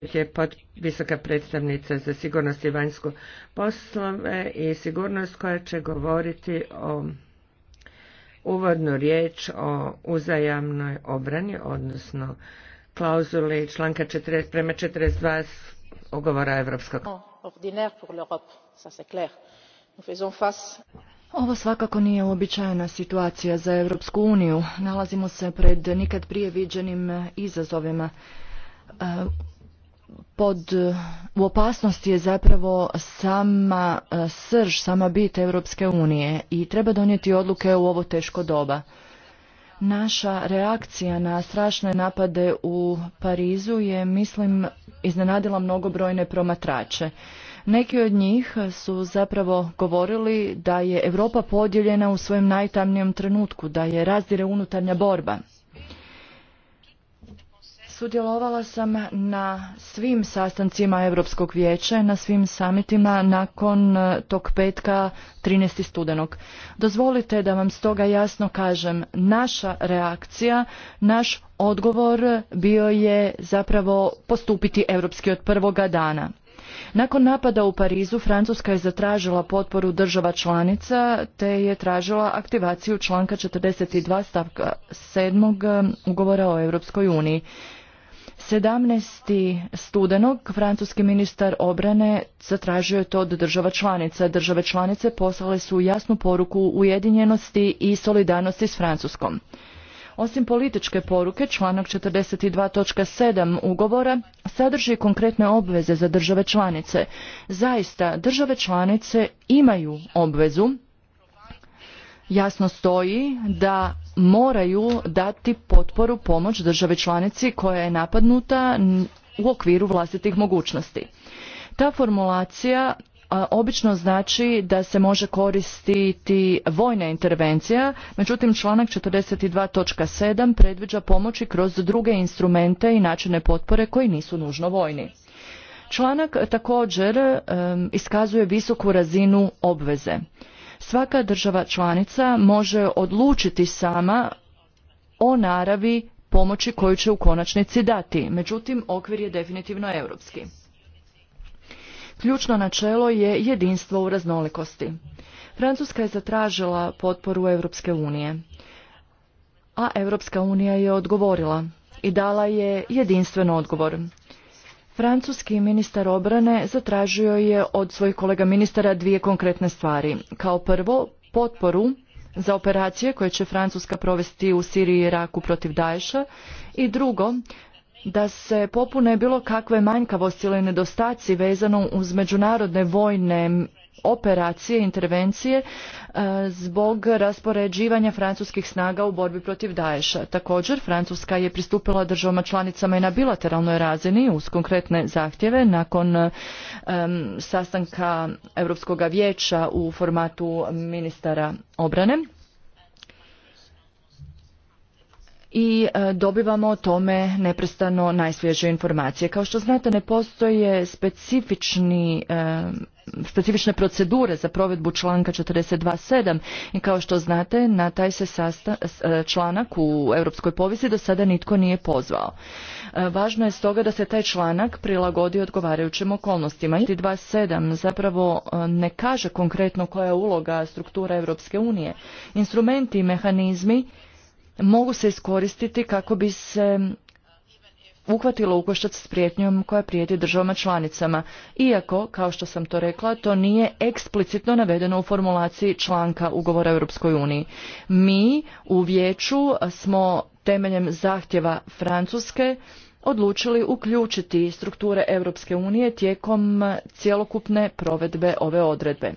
je visoka predstavnica za sigurnost i vanjsku poslove i sigurnost koja će govoriti o uvodnu riječ o uzajamnoj obrani, odnosno klauzuli članka 40, prema 42 ugovora Evropskog. Ovo svakako nije uobičajena situacija za Europsku uniju. Nalazimo se pred nikad prije viđenim izazovima e, pod u opasnosti je zapravo sama e, srž, sama bit Europske unije i treba donijeti odluke u ovo teško doba. Naša reakcija na strašne napade u Parizu je, mislim, iznenadila mnogobrojne promatrače. Neki od njih su zapravo govorili da je Europa podijeljena u svojem najtamnijem trenutku, da je razdire unutarnja borba. Sudjelovala sam na svim sastancima Europskog vijeća, na svim samitima nakon e, tog petka 13. studenog. Dozvolite da vam stoga jasno kažem, naša reakcija, naš odgovor bio je zapravo postupiti europski od prvoga dana. Nakon napada u Parizu, Francuska je zatražila potporu država članica, te je tražila aktivaciju članka 42 stavka 7. E, ugovora o Europskoj uniji. 17. studenog francuski ministar obrane zatražio je to od država članica. Države članice poslale su jasnu poruku ujedinjenosti i solidarnosti s Francuskom. Osim političke poruke, članak 42.7 ugovora sadrži konkretne obveze za države članice. Zaista, države članice imaju obvezu jasno stoji da moraju dati potporu pomoć državi članici koja je napadnuta u okviru vlastitih mogućnosti. Ta formulacija obično znači da se može koristiti vojna intervencija, međutim članak 42.7 predviđa pomoći kroz druge instrumente i načine potpore koji nisu nužno vojni. Članak također iskazuje visoku razinu obveze. Svaka država članica može odlučiti sama o naravi pomoći koju će u konačnici dati. Međutim, okvir je definitivno europski. Ključno načelo je jedinstvo u raznolikosti. Francuska je zatražila potporu Europske unije, a Europska unija je odgovorila i dala je jedinstven odgovor. Francuski ministar obrane zatražio je od svojih kolega ministara dvije konkretne stvari. Kao prvo, potporu za operacije koje će Francuska provesti u Siriji i Iraku protiv Daesha i drugo, da se popune bilo kakve manjkavosti ili nedostaci vezano uz međunarodne vojne operacije, intervencije e, zbog raspoređivanja francuskih snaga u borbi protiv Daesha. Također, Francuska je pristupila državama članicama i na bilateralnoj razini uz konkretne zahtjeve nakon e, sastanka Europskog vijeća u formatu ministara obrane. i e, dobivamo o tome neprestano najsvježe informacije. Kao što znate ne postoje specifični specifične procedure za provedbu članka 42.7 i kao što znate na taj se e, članak u europskoj povijesti do sada nitko nije pozvao. E, važno je stoga da se taj članak prilagodi odgovarajućim okolnostima. 42.7 zapravo e, ne kaže konkretno koja je uloga struktura Europske unije. Instrumenti i mehanizmi mogu se iskoristiti kako bi se uhvatilo u koštac s prijetnjom koja prijeti državama članicama, iako, kao što sam to rekla, to nije eksplicitno navedeno u formulaciji članka ugovora Europskoj uniji. Mi u vijeću smo temeljem zahtjeva Francuske odlučili uključiti strukture Europske unije tijekom cjelokupne provedbe ove odredbe.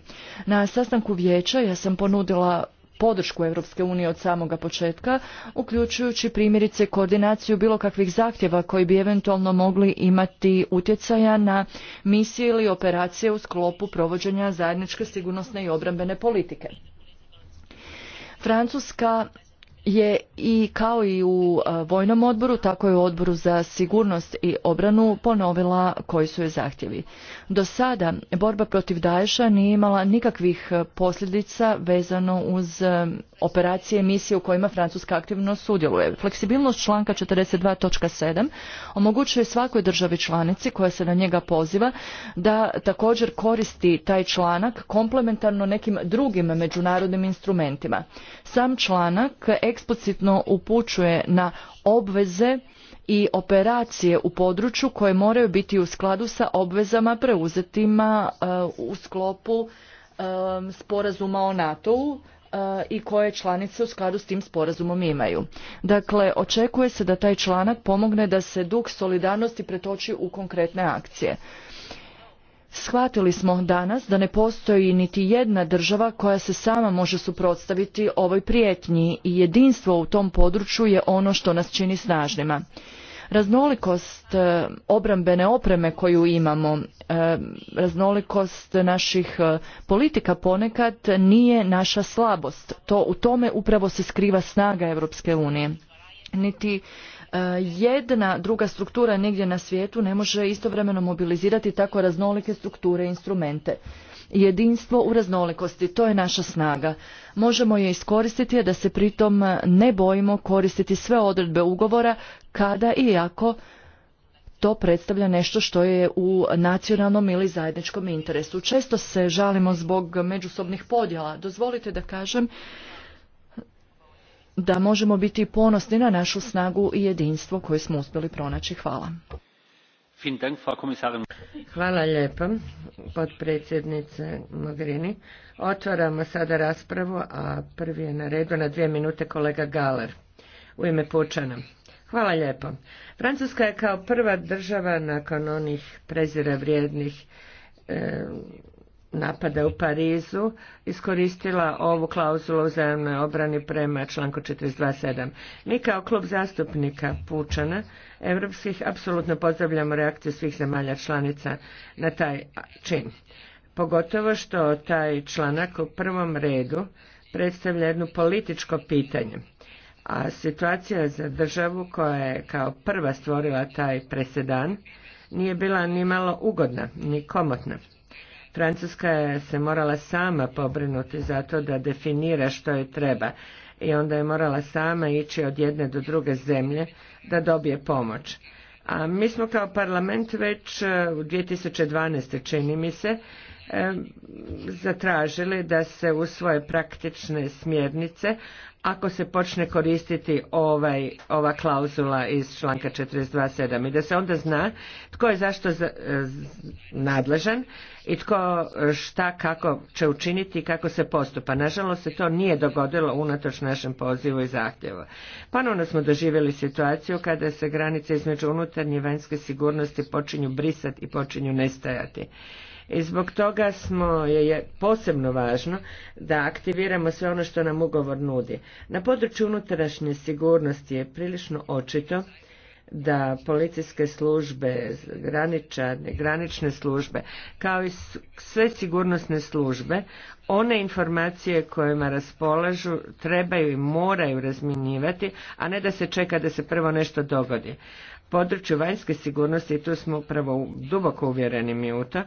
Na sastanku vijeća ja sam ponudila podršku Europske unije od samoga početka, uključujući primjerice koordinaciju bilo kakvih zahtjeva koji bi eventualno mogli imati utjecaja na misije ili operacije u sklopu provođenja zajedničke sigurnosne i obrambene politike. Francuska je i kao i u e, vojnom odboru, tako i u odboru za sigurnost i obranu ponovila koji su je zahtjevi. Do sada borba protiv Daesha nije imala nikakvih e, posljedica vezano uz e, operacije i misije u kojima Francuska aktivno sudjeluje. Fleksibilnost članka 42.7 omogućuje svakoj državi članici koja se na njega poziva da također koristi taj članak komplementarno nekim drugim međunarodnim instrumentima. Sam članak eksplicitno upućuje na obveze i operacije u području koje moraju biti u skladu sa obvezama preuzetima uh, u sklopu um, sporazuma o NATO-u uh, i koje članice u skladu s tim sporazumom imaju. Dakle, očekuje se da taj članak pomogne da se dug solidarnosti pretoči u konkretne akcije. Shvatili smo danas da ne postoji niti jedna država koja se sama može suprotstaviti ovoj prijetnji i jedinstvo u tom području je ono što nas čini snažnima. Raznolikost e, obrambene opreme koju imamo, e, raznolikost naših e, politika ponekad nije naša slabost. To u tome upravo se skriva snaga Europske unije. Niti E, jedna druga struktura negdje na svijetu ne može istovremeno mobilizirati tako raznolike strukture i instrumente. Jedinstvo u raznolikosti, to je naša snaga. Možemo je iskoristiti a da se pritom ne bojimo koristiti sve odredbe ugovora kada i ako to predstavlja nešto što je u nacionalnom ili zajedničkom interesu. Često se žalimo zbog međusobnih podjela. Dozvolite da kažem da možemo biti ponosni na našu snagu i jedinstvo koje smo uspjeli pronaći. Hvala. Hvala lijepa, potpredsjednice Mogherini. Otvaramo sada raspravu, a prvi je na redu na dvije minute kolega Galer u ime Pučana. Hvala lijepo. Francuska je kao prva država nakon onih prezira vrijednih eh, napada u Parizu iskoristila ovu klauzulu uzajamnoj obrani prema članku 42.7. Mi kao klub zastupnika Pučana europskih apsolutno pozdravljamo reakciju svih zemalja članica na taj čin. Pogotovo što taj članak u prvom redu predstavlja jedno političko pitanje. A situacija za državu koja je kao prva stvorila taj presedan nije bila ni malo ugodna, ni komotna. Francuska je se morala sama pobrinuti za to da definira što je treba i onda je morala sama ići od jedne do druge zemlje da dobije pomoć. A mi smo kao parlament već e, u 2012. čini mi se zatražili da se usvoje praktične smjernice ako se počne koristiti ovaj, ova klauzula iz članka 42.7 i da se onda zna tko je zašto za, e, nadležan i tko e, šta kako će učiniti i kako se postupa. Nažalost se to nije dogodilo unatoč našem pozivu i zahtjevu. Ponovno smo doživjeli situaciju kada se granice između unutarnje i vanjske sigurnosti počinju brisati i počinju nestajati. I zbog toga smo, je posebno važno da aktiviramo sve ono što nam ugovor nudi. Na području unutrašnje sigurnosti je prilično očito da policijske službe, granične službe, kao i sve sigurnosne službe, one informacije kojima raspolažu trebaju i moraju razminjivati, a ne da se čeka da se prvo nešto dogodi. Području vanjske sigurnosti, tu smo upravo duboko uvjereni mi u to,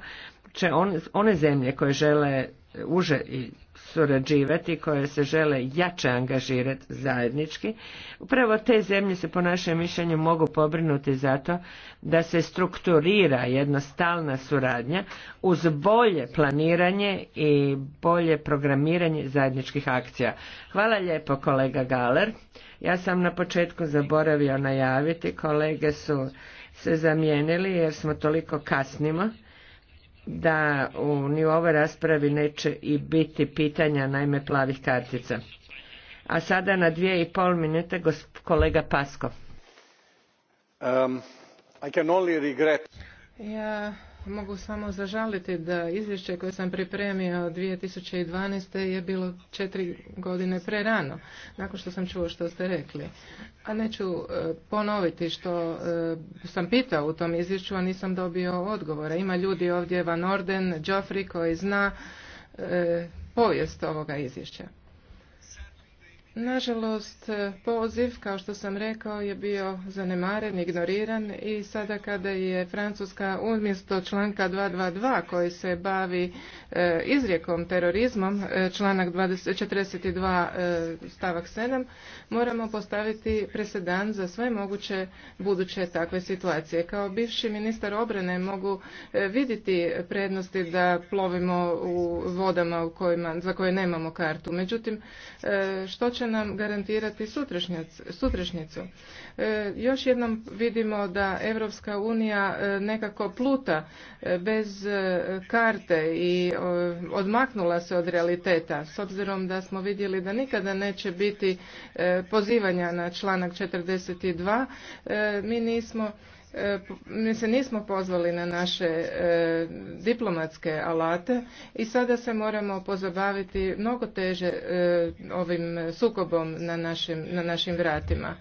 će one zemlje koje žele uže i surađivati, koje se žele jače angažirati zajednički, upravo te zemlje se po našem mišljenju mogu pobrinuti za to da se strukturira jednostalna suradnja uz bolje planiranje i bolje programiranje zajedničkih akcija. Hvala lijepo kolega Galer. Ja sam na početku zaboravio najaviti, kolege su se zamijenili jer smo toliko kasnimo da u, ni u ovoj raspravi neće i biti pitanja naime plavih kartica. A sada na dvije i pol minute kolega Pasko. Um, I can only regret. Ja Mogu samo zažaliti da izvješće koje sam pripremio 2012. je bilo četiri godine prerano, nakon što sam čuo što ste rekli. A neću e, ponoviti što e, sam pitao u tom izvješću, a nisam dobio odgovora. Ima ljudi ovdje, Van Orden, Joffrey, koji zna e, povijest ovoga izvješća. Nažalost, poziv, kao što sam rekao, je bio zanemaren, ignoriran i sada kada je Francuska umjesto članka 222 koji se bavi e, izrijekom terorizmom, e, članak 20, 42 e, stavak 7, moramo postaviti presedan za sve moguće buduće takve situacije. Kao bivši ministar obrane mogu e, vidjeti prednosti da plovimo u vodama u kojima, za koje nemamo kartu. Međutim, što će će nam garantirati sutrašnjicu. E, još jednom vidimo da Europska unija e, nekako pluta e, bez karte i odmaknula se od realiteta s obzirom da smo vidjeli da nikada neće biti pozivanja na članak 42 mi nismo mi e, se nismo pozvali na naše e, diplomatske alate i sada se moramo pozabaviti mnogo teže e, ovim sukobom na na našim vratima.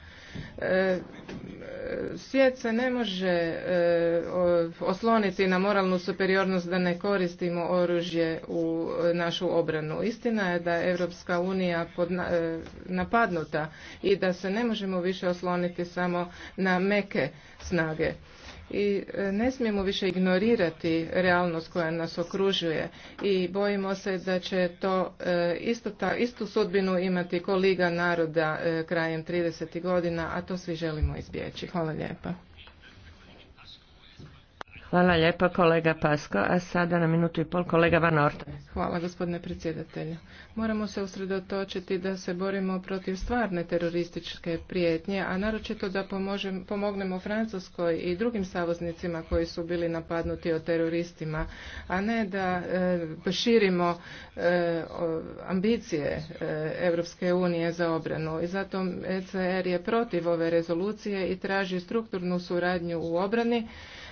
E, e, svijet se ne može e, osloniti na moralnu superiornost da ne koristimo oružje u našu obranu. Istina je da je Evropska unija napadnuta i da se ne možemo više osloniti samo na meke snage i e, ne smijemo više ignorirati realnost koja nas okružuje i bojimo se da će to e, isto ta, istu sudbinu imati koliga naroda e, krajem 30. godina, a to svi želimo izbjeći. Hvala lijepa. Hvala lijepa kolega Pasko, a sada na minutu i pol kolega Van Orta. Hvala gospodine predsjedatelju. Moramo se usredotočiti da se borimo protiv stvarne terorističke prijetnje, a naročito da pomognemo Francuskoj i drugim savoznicima koji su bili napadnuti od teroristima, a ne da e, širimo e, ambicije e, Europske unije za obranu. I zato ECR je protiv ove rezolucije i traži strukturnu suradnju u obrani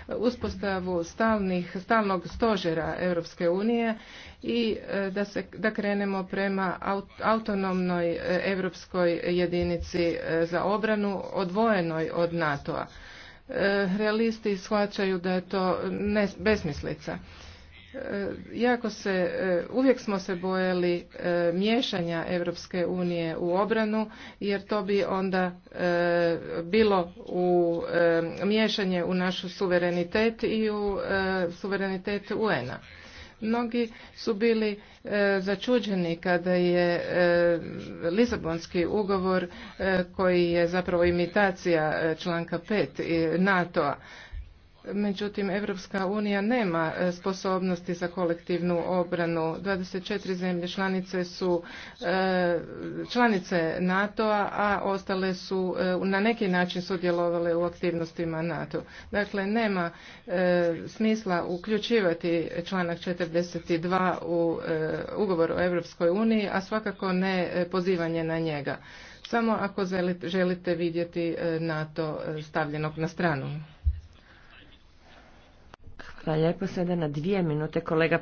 uspostavu stalnih, stalnog stožera Europske unije i e, da, se, da krenemo prema autonomnoj e, europskoj jedinici e, za obranu odvojenoj od NATO-a. Realisti shvaćaju da je to besmislica. E, jako se, e, uvijek smo se bojali e, miješanja Europske unije u obranu, jer to bi onda bilo u miješanje u našu suverenitet i u suverenitet UN-a. Mnogi su bili začuđeni kada je Lizabonski Lisabonski ugovor koji je zapravo imitacija članka 5 NATO-a Međutim, Evropska unija nema e, sposobnosti za kolektivnu obranu. 24 zemlje članice su e, članice NATO-a, a ostale su e, na neki način sudjelovale u aktivnostima NATO. Dakle, nema smisla uključivati članak 42 u ugovor o Evropskoj uniji, a svakako ne pozivanje na njega. Samo ako želite vidjeti NATO stavljenog na stranu. Hvala lijepo. Sada na dvije minute kolega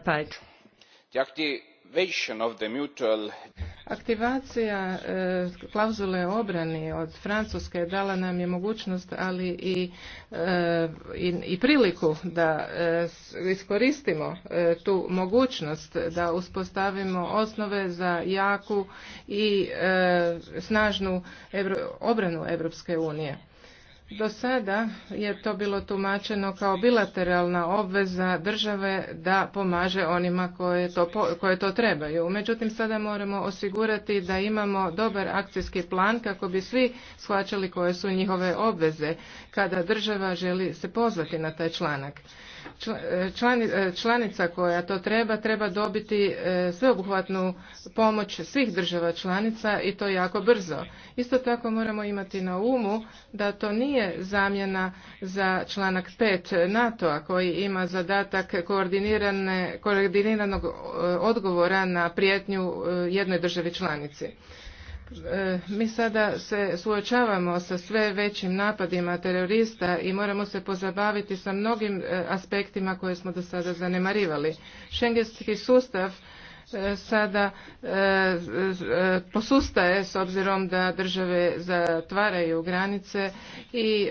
Aktivacija e, klauzule obrani od Francuske dala nam je mogućnost, ali i, e, priliku da e, iskoristimo tu mogućnost da uspostavimo osnove za jaku i snažnu obranu Europske unije. Do sada je to bilo tumačeno kao bilateralna obveza države da pomaže onima koje to, koje to trebaju. Međutim, sada moramo osigurati da imamo dobar akcijski plan kako bi svi shvaćali koje su njihove obveze kada država želi se pozvati na taj članak. E, e, članica koja to treba, treba dobiti e, sveobuhvatnu pomoć svih država članica i to jako brzo. Isto tako moramo imati na umu da to nije zamjena za članak 5 NATO-a koji ima zadatak koordiniranog odgovora na prijetnju jednoj državi članici. E, mi sada se suočavamo sa sve većim napadima terorista i moramo se pozabaviti sa mnogim e, aspektima koje smo do sada zanemarivali. Šengenski sustav E, sada e, e, posustaje s obzirom da države zatvaraju granice i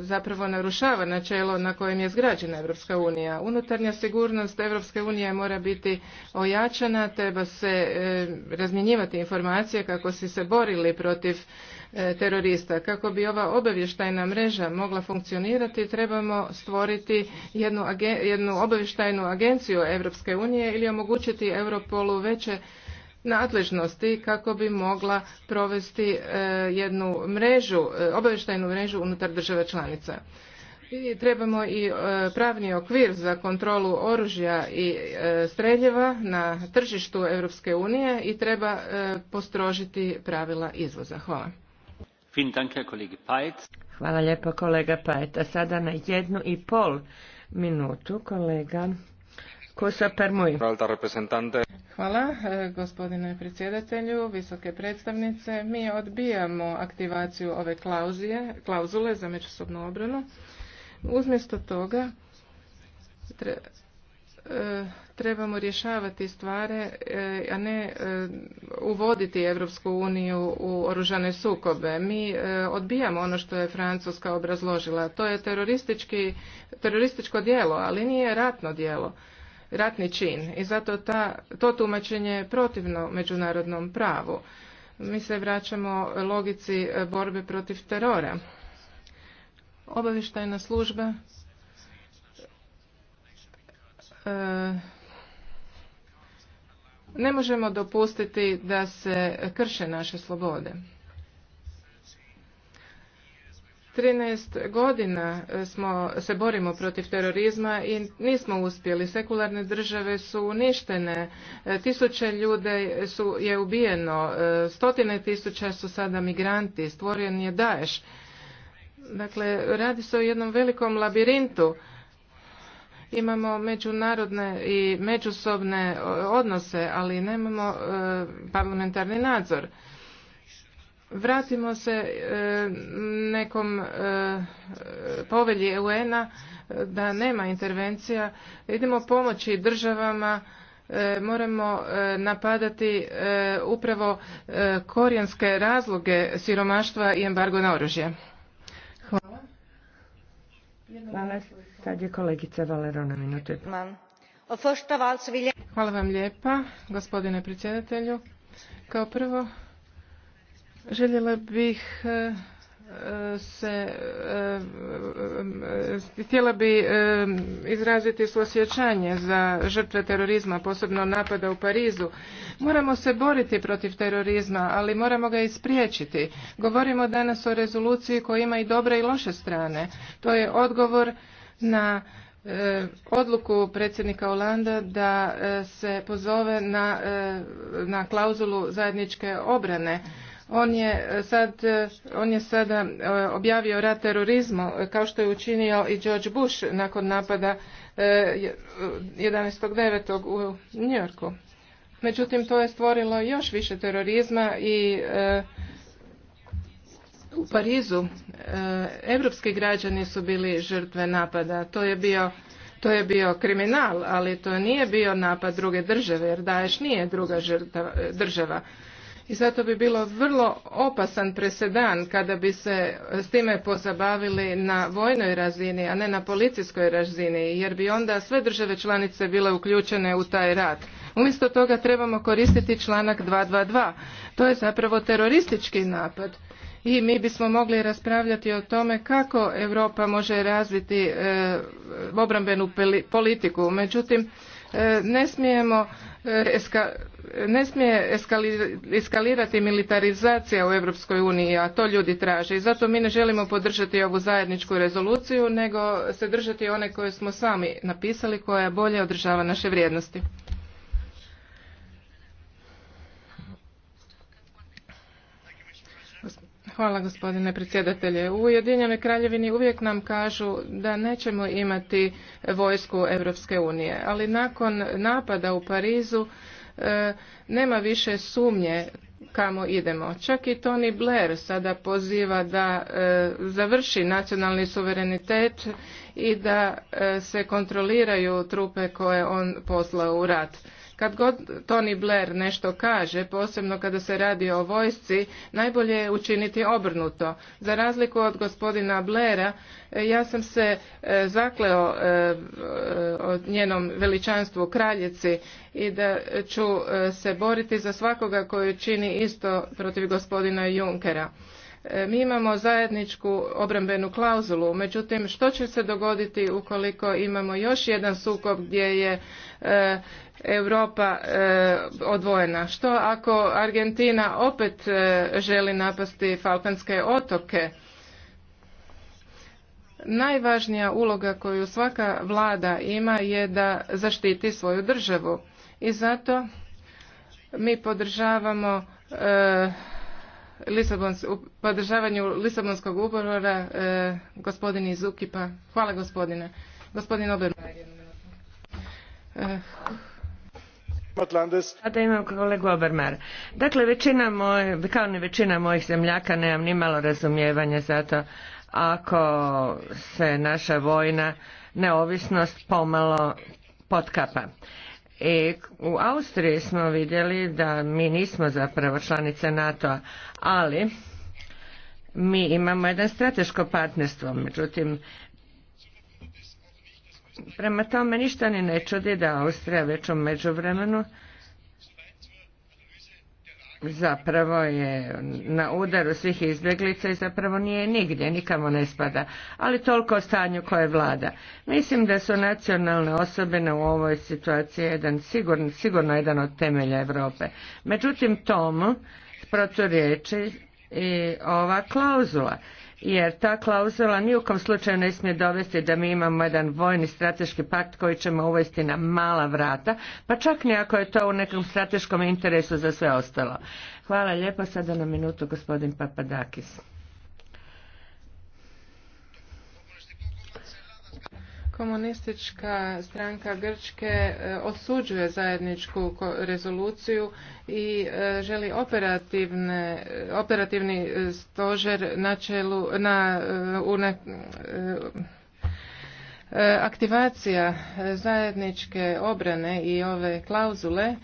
zapravo narušava načelo na kojem je zgrađena Europska unija. Unutarnja sigurnost Europske unije mora biti ojačana, treba se razmjenjivati informacije kako si se borili protiv E, terorista. Kako bi ova obavještajna mreža mogla funkcionirati, trebamo stvoriti jednu, jednu obavještajnu agenciju Europske unije ili omogućiti Europolu veće nadležnosti kako bi mogla provesti e, jednu mrežu, e, obavještajnu mrežu unutar države članica. I trebamo i pravni okvir za kontrolu oružja i streljeva na tržištu Europske unije i treba postrožiti pravila izvoza. Hvala. Hvala lijepo kolega Pajet. sada na jednu i pol minutu kolega Kusa Permuj. Hvala e, gospodine predsjedatelju, visoke predstavnice. Mi odbijamo aktivaciju ove klauzije, klauzule za međusobnu obranu. Uzmjesto toga trebamo rješavati stvari, eh, a ne eh, uvoditi Europsku uniju u oružane sukobe. Mi eh, odbijamo ono što je Francuska obrazložila. To je terorističko djelo, ali nije ratno djelo, ratni čin. I zato ta, to tumačenje je protivno međunarodnom pravu. Mi se vraćamo logici borbe protiv terora. Obavještajna služba E, ne možemo dopustiti da se krše naše slobode. 13 godina smo, se borimo protiv terorizma i nismo uspjeli. Sekularne države su uništene, e, tisuće ljude su, je ubijeno, e, stotine tisuća su sada migranti, stvoren je Daesh. Dakle, radi se o jednom velikom labirintu imamo međunarodne i međusobne odnose, ali nemamo e, parlamentarni nadzor. Vratimo se e, nekom e, povelji UN-a da nema intervencija. Idemo pomoći državama, moramo napadati upravo korijenske razloge siromaštva i embargo na oružje. Hvala. Hvala. Hvala vam lijepa, gospodine predsjedatelju. Kao prvo, željela bih e, e, se e, htjela bi izraziti suosjećanje za žrtve terorizma, posebno napada u Parizu. Moramo se boriti protiv terorizma, ali moramo ga ispriječiti. Govorimo danas o rezoluciji koja ima i dobre i loše strane. To je odgovor na eh, odluku predsjednika Olanda da eh, se pozove na, eh, na klauzulu zajedničke obrane. On je, sad, on je sada objavio rat terorizmu, kao što je učinio i George Bush nakon napada 11.9. u Njorku. Međutim, to je stvorilo još više terorizma i u Parizu europski građani su bili žrtve napada. To je bio to je bio kriminal, ali to nije bio napad druge države, jer Daješ nije druga e, država. I zato bi bilo vrlo opasan presedan kada bi se s time pozabavili na vojnoj razini, a ne na policijskoj razini, jer bi onda sve države članice bile uključene u taj rat. Umjesto toga trebamo koristiti članak 222. To je zapravo teroristički napad i mi bismo mogli raspravljati o tome kako Europa može razviti e, obrambenu politiku. Međutim, e, ne smijemo e, ne smije eskalirati militarizacija u Europskoj uniji, a to ljudi traže. I zato mi ne želimo podržati ovu zajedničku rezoluciju, nego se držati one koje smo sami napisali, koja bolje održava naše vrijednosti. Hvala gospodine predsjedatelje. U Ujedinjenoj kraljevini uvijek nam kažu da nećemo imati vojsku Europske unije, ali nakon napada u Parizu e, nema više sumnje kamo idemo. Čak i Tony Blair sada poziva da e, završi nacionalni suverenitet i da e, se kontroliraju trupe koje on poslao u rat. Kad god Tony Blair nešto kaže, posebno kada se radi o vojsci, najbolje je učiniti obrnuto. Za razliku od gospodina Blaira, e, ja sam se e, zakleo e, od njenom veličanstvu kraljici i da ću se boriti za svakoga koji čini isto protiv gospodina Junckera. E, mi imamo zajedničku obrambenu klauzulu, međutim što će se dogoditi ukoliko imamo još jedan sukob gdje je e, Europa e, odvojena? Što ako Argentina opet želi napasti Falkanske otoke? Najvažnija uloga koju svaka vlada ima je da zaštiti svoju državu i zato mi podržavamo u podržavanju Lisabonskog ugovora e, gospodin iz Ukipa. Hvala gospodine. Gospodin Obermeier. E, imam kolegu Obermar. Dakle, većina moj, kao ni većina mojih zemljaka, nemam ni malo razumijevanja to ako se naša vojna neovisnost pomalo potkapa. I e, u Austriji smo vidjeli da mi nismo zapravo članice NATO-a, ali mi imamo jedan strateško partnerstvo. Međutim, prema tome ništa ni ne čudi da Austrija već u međuvremenu zapravo je na udaru svih izbjeglica i zapravo nije nigdje, nikamo ne spada. Ali toliko o stanju koje vlada. Mislim da su nacionalne osobine u ovoj situaciji jedan, sigurno, sigurno jedan od temelja Europe. Međutim, tomu proturječi i ova klauzula jer ta klauzula ni u kom slučaju ne smije dovesti da mi imamo jedan vojni strateški pakt koji ćemo uvesti na mala vrata, pa čak ni ako je to u nekom strateškom interesu za sve ostalo. Hvala lijepo, sada na minutu gospodin Papadakis. Komunistička stranka Grčke e, osuđuje zajedničku rezoluciju i e, želi e, operativni stožer na čelu, na, aktivacija zajedničke obrane i ove klauzule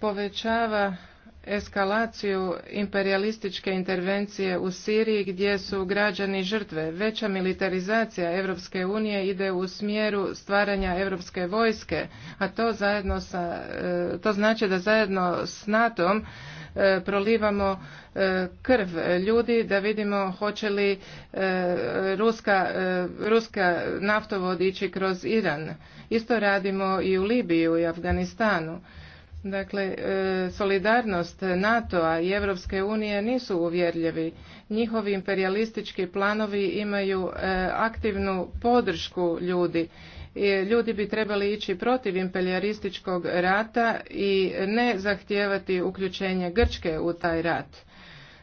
povećava eskalaciju imperialističke intervencije u Siriji gdje su građani žrtve. Veća militarizacija Europske unije ide u smjeru stvaranja europske vojske, a to zajedno sa, e, to znači da zajedno s NATO-om e, prolivamo e, krv ljudi da vidimo hoće li ruska, ruska naftovod ići kroz Iran. Isto radimo i u Libiju i Afganistanu. Dakle, e, solidarnost NATO-a i Europske unije nisu uvjerljivi. Njihovi imperialistički planovi imaju e, aktivnu podršku ljudi. E, ljudi bi trebali ići protiv imperialističkog rata i ne zahtijevati uključenje Grčke u taj rat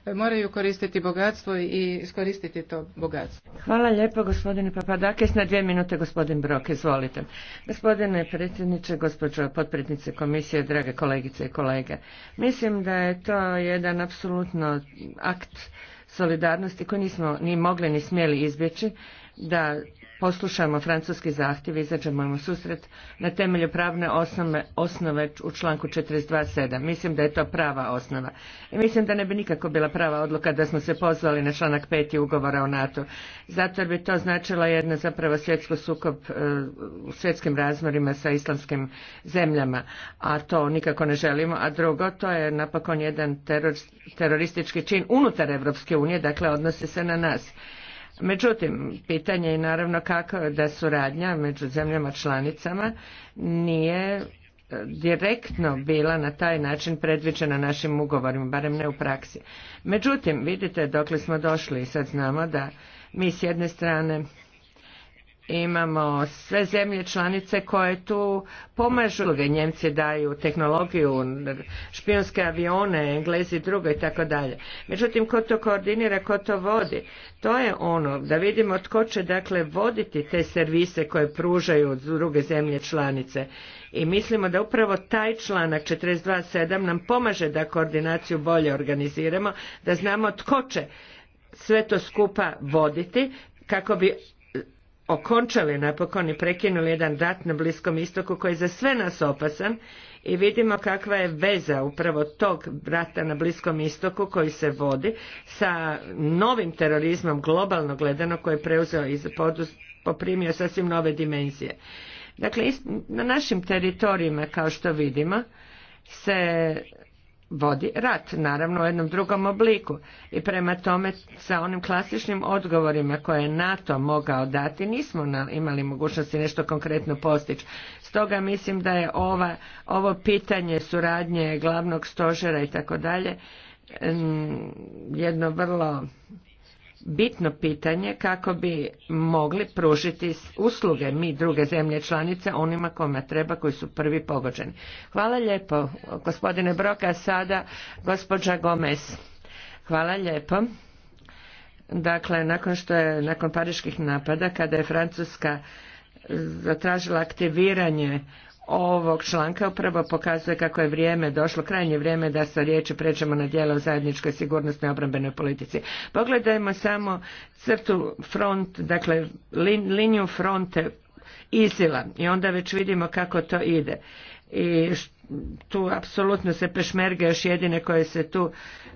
moraju koristiti bogatstvo i iskoristiti to bogatstvo. Hvala lijepo gospodine Papadakis. Na dvije minute gospodin Brok, izvolite. Gospodine predsjedniče, gospođo potpredsjednice komisije, drage kolegice i kolege. Mislim da je to jedan apsolutno akt solidarnosti koji nismo ni mogli ni smjeli izbjeći da poslušamo francuski zahtjev i izađemo im u susret na temelju pravne osnove, osnove u članku 42.7. Mislim da je to prava osnova. I mislim da ne bi nikako bila prava odluka da smo se pozvali na članak 5. ugovora o NATO. Zato bi to značila jedna zapravo svjetsko sukob e, u svjetskim razmorima sa islamskim zemljama. A to nikako ne želimo. A drugo, to je napokon jedan teror, teroristički čin unutar Evropske unije, dakle odnosi se na nas Međutim, pitanje je naravno kako da suradnja među zemljama članicama nije e, direktno bila na taj način predviđena našim ugovorima, barem ne u praksi. Međutim, vidite dokle smo došli i sad znamo da mi s jedne strane imamo sve zemlje članice koje tu pomažu. Njemci daju tehnologiju, špionske avione, Englezi drugo i tako dalje. Međutim, ko to koordinira, ko to vodi? To je ono da vidimo tko će dakle voditi te servise koje pružaju druge zemlje članice. I mislimo da upravo taj članak 42.7 nam pomaže da koordinaciju bolje organiziramo, da znamo tko će sve to skupa voditi kako bi okončali napokon i prekinuli jedan rat na Bliskom istoku koji je za sve nas opasan i vidimo kakva je veza upravo tog rata na Bliskom istoku koji se vodi sa novim terorizmom globalno gledano koji je preuzeo i poprimio sasvim nove dimenzije. Dakle, na našim teritorijima kao što vidimo se vodi rat, naravno u jednom drugom obliku. I prema tome sa onim klasičnim odgovorima koje je NATO mogao dati nismo imali mogućnosti nešto konkretno postići. Stoga mislim da je ova, ovo pitanje suradnje glavnog stožera i tako dalje jedno vrlo bitno pitanje kako bi mogli pružiti usluge mi druge zemlje članice onima kojima treba koji su prvi pogođeni. Hvala lijepo gospodine Broka, sada gospođa Gomez. Hvala lijepo. Dakle, nakon što je, nakon pariških napada, kada je Francuska zatražila aktiviranje ovog članka upravo pokazuje kako je vrijeme došlo, krajnje vrijeme da sa riječi pređemo na djelo u zajedničkoj sigurnosnoj obrambenoj politici. Pogledajmo samo crtu front, dakle liniju fronte Izila i onda već vidimo kako to ide. I tu apsolutno se pešmerge još jedine koje se tu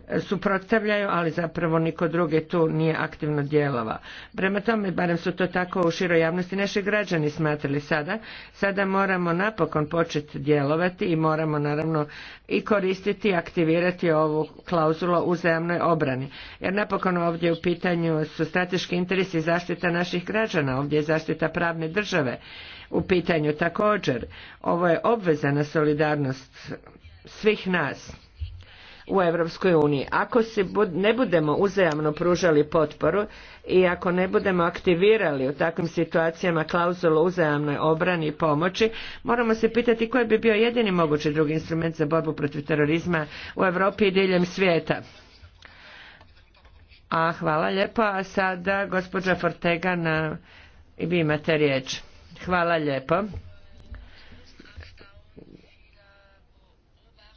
e, suprotstavljaju, ali zapravo niko druge tu nije aktivno djelovao. Prema tome, barem su to tako u široj javnosti naši građani smatrali sada. Sada moramo napokon početi djelovati i moramo naravno i koristiti i aktivirati ovu klauzulu u uzajamnoj obrani. Jer napokon ovdje u pitanju su strateški interesi zaštita naših građana, ovdje je zaštita pravne države u pitanju. Također, ovo je obvezana solidarnost svih nas u Europskoj uniji. Ako ne budemo uzajamno pružali potporu i ako ne budemo aktivirali u takvim situacijama klauzulu uzajamnoj obrani i pomoći, moramo se pitati koji bi bio jedini mogući drugi instrument za borbu protiv terorizma u Europi i diljem svijeta. A hvala lijepo. A sada gospođa Fortega na i vi imate riječ. Hvala lijepo.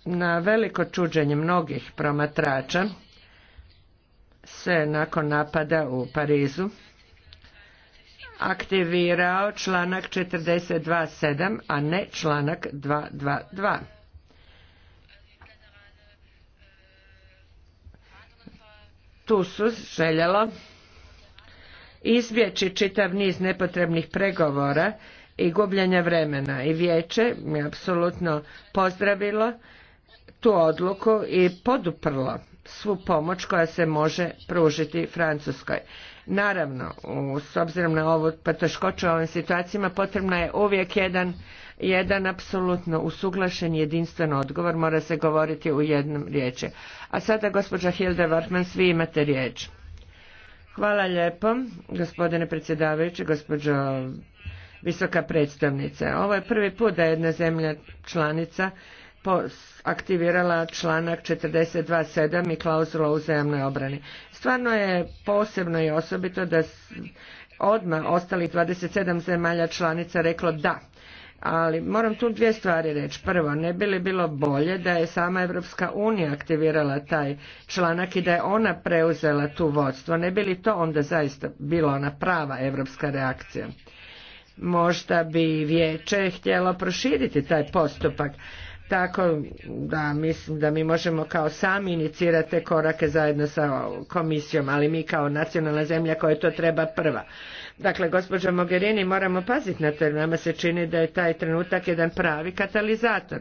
Na veliko čuđenje mnogih promatrača se nakon napada u Parizu aktivirao članak 42.7, a ne članak 222. Tu su željelo izbjeći čitav niz nepotrebnih pregovora i gubljenja vremena. I vijeće mi je apsolutno pozdravilo tu odluku i poduprlo svu pomoć koja se može pružiti Francuskoj. Naravno, s obzirom na ovu poteškoću u ovim situacijama, potrebna je uvijek jedan, jedan apsolutno usuglašen jedinstven odgovor, mora se govoriti u jednom riječi. A sada, gospođa Hilde Wartmans, svi imate riječ. Hvala lijepo, gospodine predsjedavajući, gospođo visoka predstavnice. Ovo je prvi put da je jedna zemlja članica aktivirala članak 42.7 i klauzula o uzajamnoj obrani. Stvarno je posebno i osobito da odmah ostalih 27 zemalja članica reklo da ali moram tu dvije stvari reći. Prvo, ne bi li bilo bolje da je sama Evropska unija aktivirala taj članak i da je ona preuzela tu vodstvo, ne bi li to onda zaista bila ona prava evropska reakcija? Možda bi vijeće htjelo proširiti taj postupak tako da mislim da mi možemo kao sami inicirati te korake zajedno sa komisijom, ali mi kao nacionalna zemlja koja to treba prva. Dakle, gospođo Mogherini, moramo paziti na to jer nama se čini da je taj trenutak jedan pravi katalizator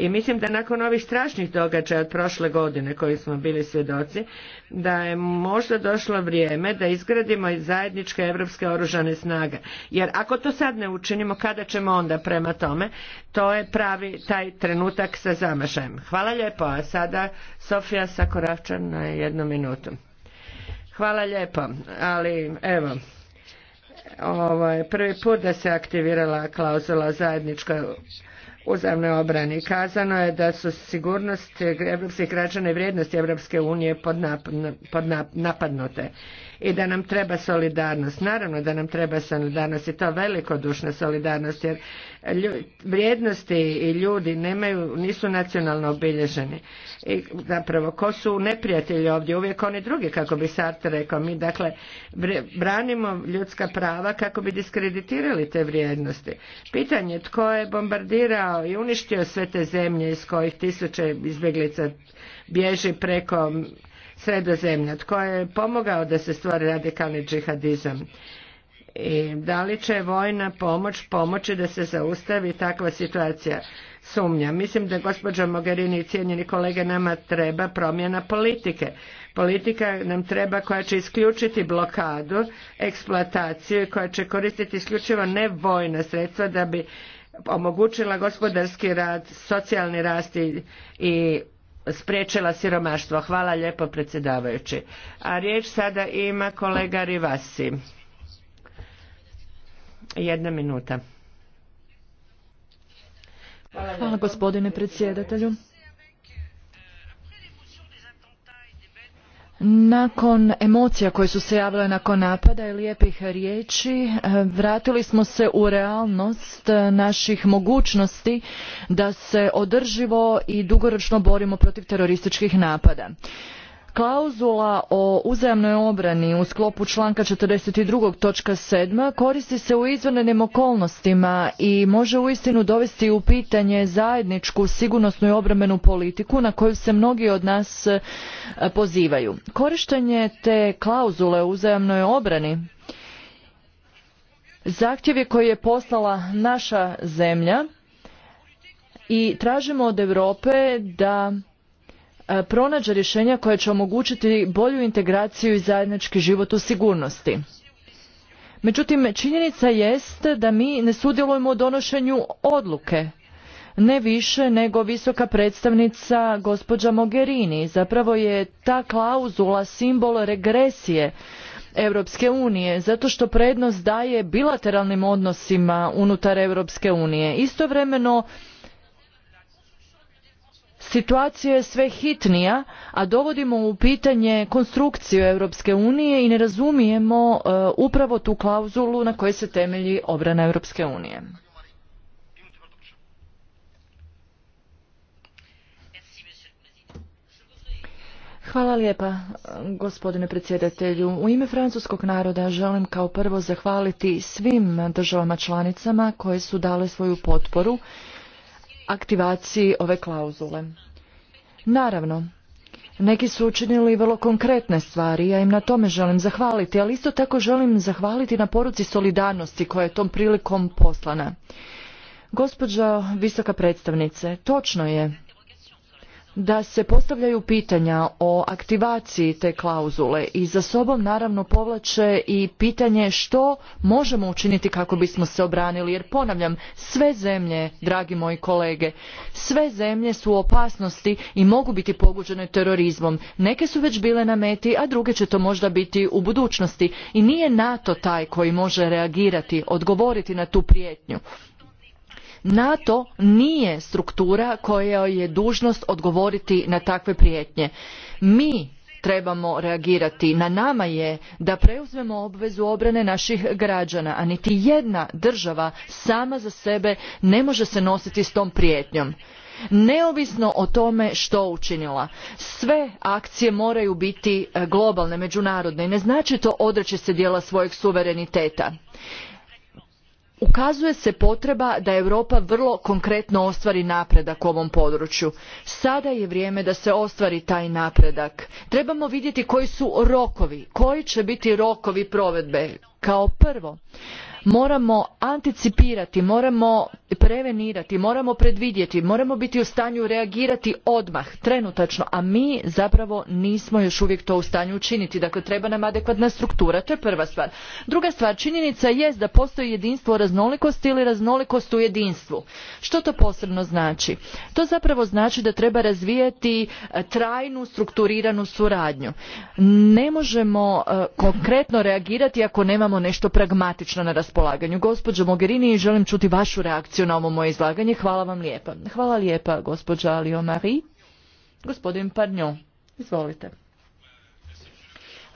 i mislim da nakon ovih strašnih događaja od prošle godine koji smo bili svjedoci, da je možda došlo vrijeme da izgradimo zajedničke europske oružane snage. Jer ako to sad ne učinimo, kada ćemo onda prema tome? To je pravi taj trenutak sa zamašajem. Hvala lijepo, a sada Sofija Sakoravčan na jednu minutu. Hvala lijepo, ali evo, ovaj, prvi put da se aktivirala klauzula zajednička uzajamnoj obrani. Kazano je da su sigurnost europskih građana i vrijednosti Europske unije podnapadnute i da nam treba solidarnost. Naravno da nam treba solidarnost i to velikodušna solidarnost jer vrijednosti i ljudi nemaju, nisu nacionalno obilježeni. I zapravo ko su neprijatelji ovdje? Uvijek oni drugi kako bi Sartre rekao. Mi dakle branimo ljudska prava kako bi diskreditirali te vrijednosti. Pitanje tko je bombardirao i uništio sve te zemlje iz kojih tisuće izbjeglica bježi preko sredozemlja, tko je pomogao da se stvori radikalni džihadizam i da li će vojna pomoć pomoći da se zaustavi takva situacija sumnja. Mislim da gospođa Mogherini i cijenjeni kolege nama treba promjena politike. Politika nam treba koja će isključiti blokadu, eksploataciju i koja će koristiti isključivo nevojna sredstva da bi omogućila gospodarski rad, socijalni rast i spriječila siromaštvo. Hvala lijepo predsjedavajući. A riječ sada ima kolega Rivasi. Jedna minuta. Hvala gospodine predsjedatelju. nakon emocija koje su se javile nakon napada i lijepih riječi eh, vratili smo se u realnost eh, naših mogućnosti da se održivo i dugoročno borimo protiv terorističkih napada Klauzula o uzajamnoj obrani u sklopu članka 42. točka 7. koristi se u izvanrednim okolnostima i može uistinu dovesti u pitanje zajedničku sigurnosnu i obrambenu politiku na koju se mnogi od nas e, pozivaju. Korištenje te klauzule o uzajamnoj obrani zahtjev je koji je poslala naša zemlja i tražimo od Europe da E, pronađe rješenja koja će omogućiti bolju integraciju i zajednički život u sigurnosti. Međutim, činjenica jest da mi ne sudjelujemo u donošenju odluke ne više nego visoka predstavnica gospođa Mogherini. Zapravo je ta klauzula simbol regresije Europske unije zato što prednost daje bilateralnim odnosima unutar Europske unije. Istovremeno situacija je sve hitnija a dovodimo u pitanje konstrukciju europske unije i ne razumijemo e, upravo tu klauzulu na kojoj se temelji obrana europske unije Hvala lijepa, gospodine predsjedatelju. U ime francuskog naroda želim kao prvo zahvaliti svim državama članicama koje su dale svoju potporu aktivaciji ove klauzule. Naravno, neki su učinili vrlo konkretne stvari, ja im na tome želim zahvaliti, ali isto tako želim zahvaliti na poruci solidarnosti koja je tom prilikom poslana. Gospođo visoka predstavnice, točno je da se postavljaju pitanja o aktivaciji te klauzule i za sobom naravno povlače i pitanje što možemo učiniti kako bismo se obranili jer ponavljam sve zemlje dragi moji kolege sve zemlje su u opasnosti i mogu biti pogođene terorizmom neke su već bile na meti a druge će to možda biti u budućnosti i nije nato taj koji može reagirati odgovoriti na tu prijetnju NATO nije struktura koja je dužnost odgovoriti na takve prijetnje. Mi trebamo reagirati. Na nama je da preuzmemo obvezu obrane naših građana, a niti jedna država sama za sebe ne može se nositi s tom prijetnjom neovisno o tome što učinila sve akcije moraju biti e, globalne međunarodne i ne znači to odreći se dijela svojeg suvereniteta ukazuje se potreba da europa vrlo konkretno ostvari napredak u ovom području sada je vrijeme da se ostvari taj napredak trebamo vidjeti koji su rokovi koji će biti rokovi provedbe kao prvo moramo anticipirati moramo prevenirati moramo predvidjeti moramo biti u stanju reagirati odmah trenutačno a mi zapravo nismo još uvijek to u stanju učiniti dakle treba nam adekvatna struktura to je prva stvar druga stvar činjenica jest da postoji jedinstvo u raznolikosti ili raznolikost u jedinstvu što to posebno znači to zapravo znači da treba razvijati e, trajnu strukturiranu suradnju ne možemo e, konkretno reagirati ako nemamo nešto pragmatično na raspolaganju raspolaganju. Gospođo Mogherini, želim čuti vašu reakciju na ovo moje izlaganje. Hvala vam lijepa. Hvala lijepa, gospođa Alio Marie. Gospodin Parnjo, izvolite.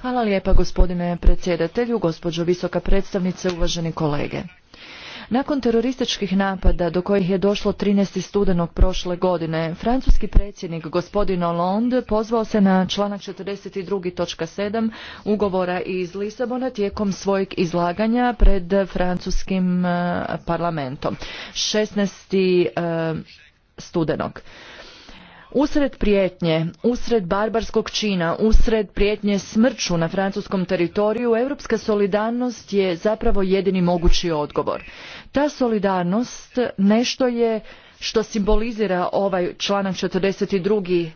Hvala lijepa, gospodine predsjedatelju, gospođo visoka predstavnice, uvaženi kolege. Nakon terorističkih napada do kojih je došlo 13. studenog prošle godine, francuski predsjednik gospodin Hollande pozvao se na članak 42.7 ugovora iz Lisabona tijekom svojeg izlaganja pred francuskim eh, parlamentom. 16. Eh, studenog. Usred prijetnje, usred barbarskog čina, usred prijetnje smrću na francuskom teritoriju, europska solidarnost je zapravo jedini mogući odgovor. Ta solidarnost nešto je što simbolizira ovaj članak 42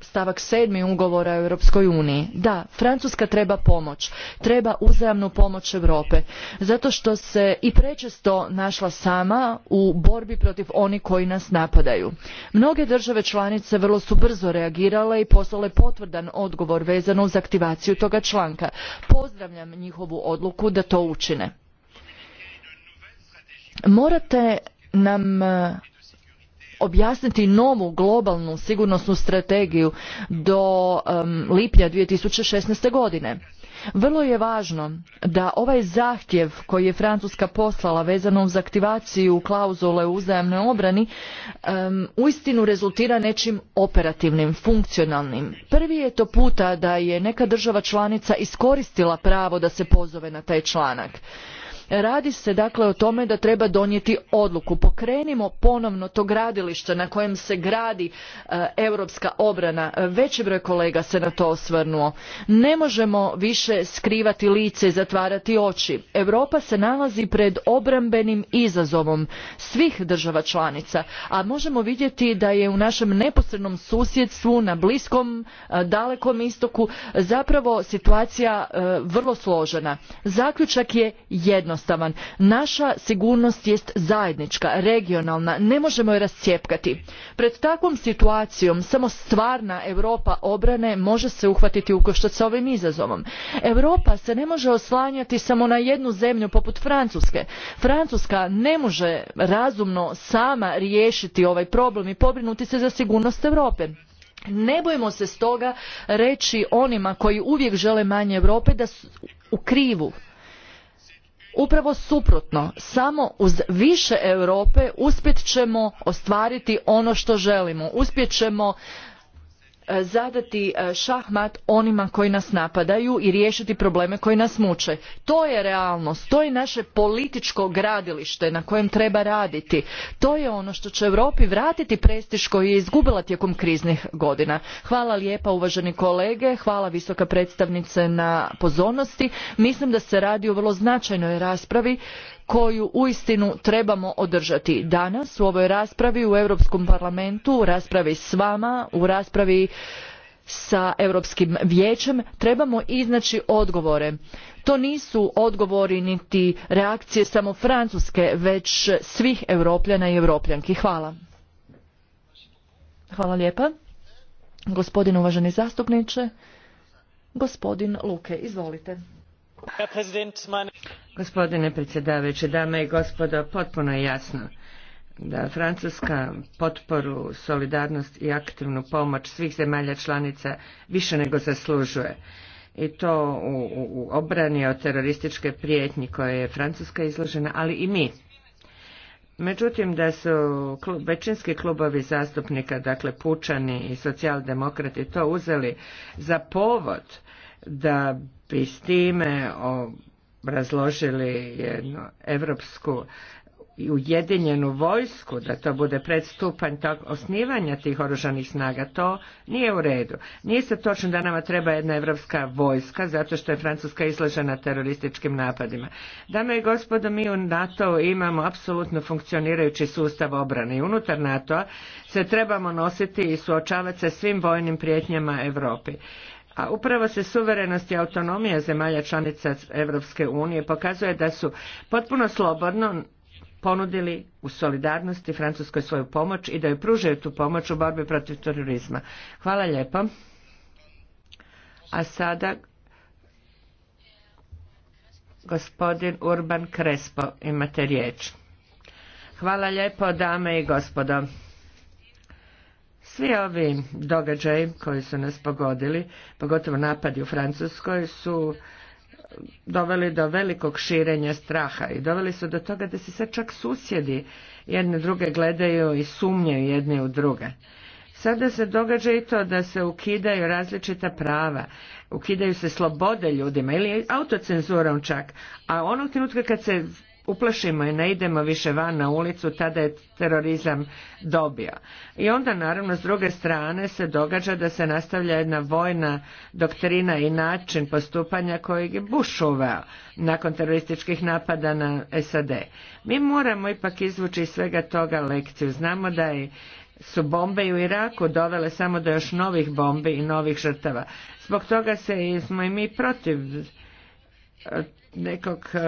stavak sedmi ugovora o Europskoj uniji. Da, Francuska treba pomoć. Treba uzajamnu pomoć Europe. Zato što se i prečesto našla sama u borbi protiv onih koji nas napadaju. Mnoge države članice vrlo su brzo reagirale i poslale potvrdan odgovor vezano uz aktivaciju toga članka. Pozdravljam njihovu odluku da to učine. Morate nam objasniti novu globalnu sigurnosnu strategiju do um, lipnja 2016. godine. Vrlo je važno da ovaj zahtjev koji je Francuska poslala vezano za aktivaciju klauzule u uzajamnoj obrani um, uistinu rezultira nečim operativnim, funkcionalnim. Prvi je to puta da je neka država članica iskoristila pravo da se pozove na taj članak. Radi se dakle o tome da treba donijeti odluku. Pokrenimo ponovno to gradilište na kojem se gradi e, europska obrana. Veći broj kolega se na to osvrnuo. Ne možemo više skrivati lice i zatvarati oči. Europa se nalazi pred obrambenim izazovom svih država članica, a možemo vidjeti da je u našem neposrednom susjedstvu na bliskom, e, dalekom istoku zapravo situacija e, vrlo složena. Zaključak je jedno jednostavan. Naša sigurnost jest zajednička, regionalna, ne možemo je rascijepkati. Pred takvom situacijom samo stvarna Europa obrane može se uhvatiti u koštac sa ovim izazovom. Europa se ne može oslanjati samo na jednu zemlju poput Francuske. Francuska ne može razumno sama riješiti ovaj problem i pobrinuti se za sigurnost Europe. Ne bojimo se stoga reći onima koji uvijek žele manje Europe da su u krivu upravo suprotno samo uz više europe uspjet ćemo ostvariti ono što želimo uspjet ćemo E, zadati e, šahmat onima koji nas napadaju i riješiti probleme koji nas muče. To je realnost, to je naše političko gradilište na kojem treba raditi. To je ono što će Europi vratiti prestiž koji je izgubila tijekom kriznih godina. Hvala lijepa uvaženi kolege, hvala visoka predstavnice na pozornosti. Mislim da se radi o vrlo značajnoj raspravi koju uistinu trebamo održati danas u ovoj raspravi u europskom parlamentu u raspravi s vama u raspravi sa europskim vijećem trebamo iznaći odgovore to nisu odgovori niti reakcije samo francuske već svih europljana i europljanki hvala hvala lijepa gospodin uvaženi zastupniče gospodin luke izvolite Gospodine predsjedavajući, dame i gospodo, potpuno je jasno da Francuska potporu, solidarnost i aktivnu pomoć svih zemalja članica više nego zaslužuje. I to u, obrani od terorističke prijetnje koje je Francuska izložena, ali i mi. Međutim, da su većinski klubovi zastupnika, dakle pučani i socijaldemokrati, to uzeli za povod da bi s time obrazložili jednu evropsku i ujedinjenu vojsku, da to bude predstupanj tog osnivanja tih oružanih snaga, to nije u redu. Nije se točno da nama treba jedna evropska vojska, zato što je Francuska izložena terorističkim napadima. Dame i gospodo, mi u NATO imamo apsolutno funkcionirajući sustav obrane i unutar NATO se trebamo nositi i suočavati sa svim vojnim prijetnjama Europi. A upravo se suverenost i autonomija zemalja članica Europske unije pokazuje da su potpuno slobodno ponudili u solidarnosti Francuskoj svoju pomoć i da joj pružaju tu pomoć u borbi protiv terorizma. Hvala lijepo. A sada gospodin Urban Krespo imate riječ. Hvala lijepo dame i gospodo. Svi ovi događaji koji su nas pogodili, pogotovo napadi u Francuskoj, su doveli do velikog širenja straha i doveli su do toga da se sad čak susjedi jedne druge gledaju i sumnjaju jedne u druge. Sada se događa i to da se ukidaju različita prava, ukidaju se slobode ljudima ili autocenzurom čak, a onog trenutka kad se uplašimo i ne idemo više van na ulicu, tada je terorizam dobio. I onda naravno s druge strane se događa da se nastavlja jedna vojna doktrina i način postupanja kojeg je Bush nakon terorističkih napada na SAD. Mi moramo ipak izvući iz svega toga lekciju. Znamo da su bombe u Iraku dovele samo do još novih bombi i novih žrtava. Zbog toga se smo i mi protiv nekog e,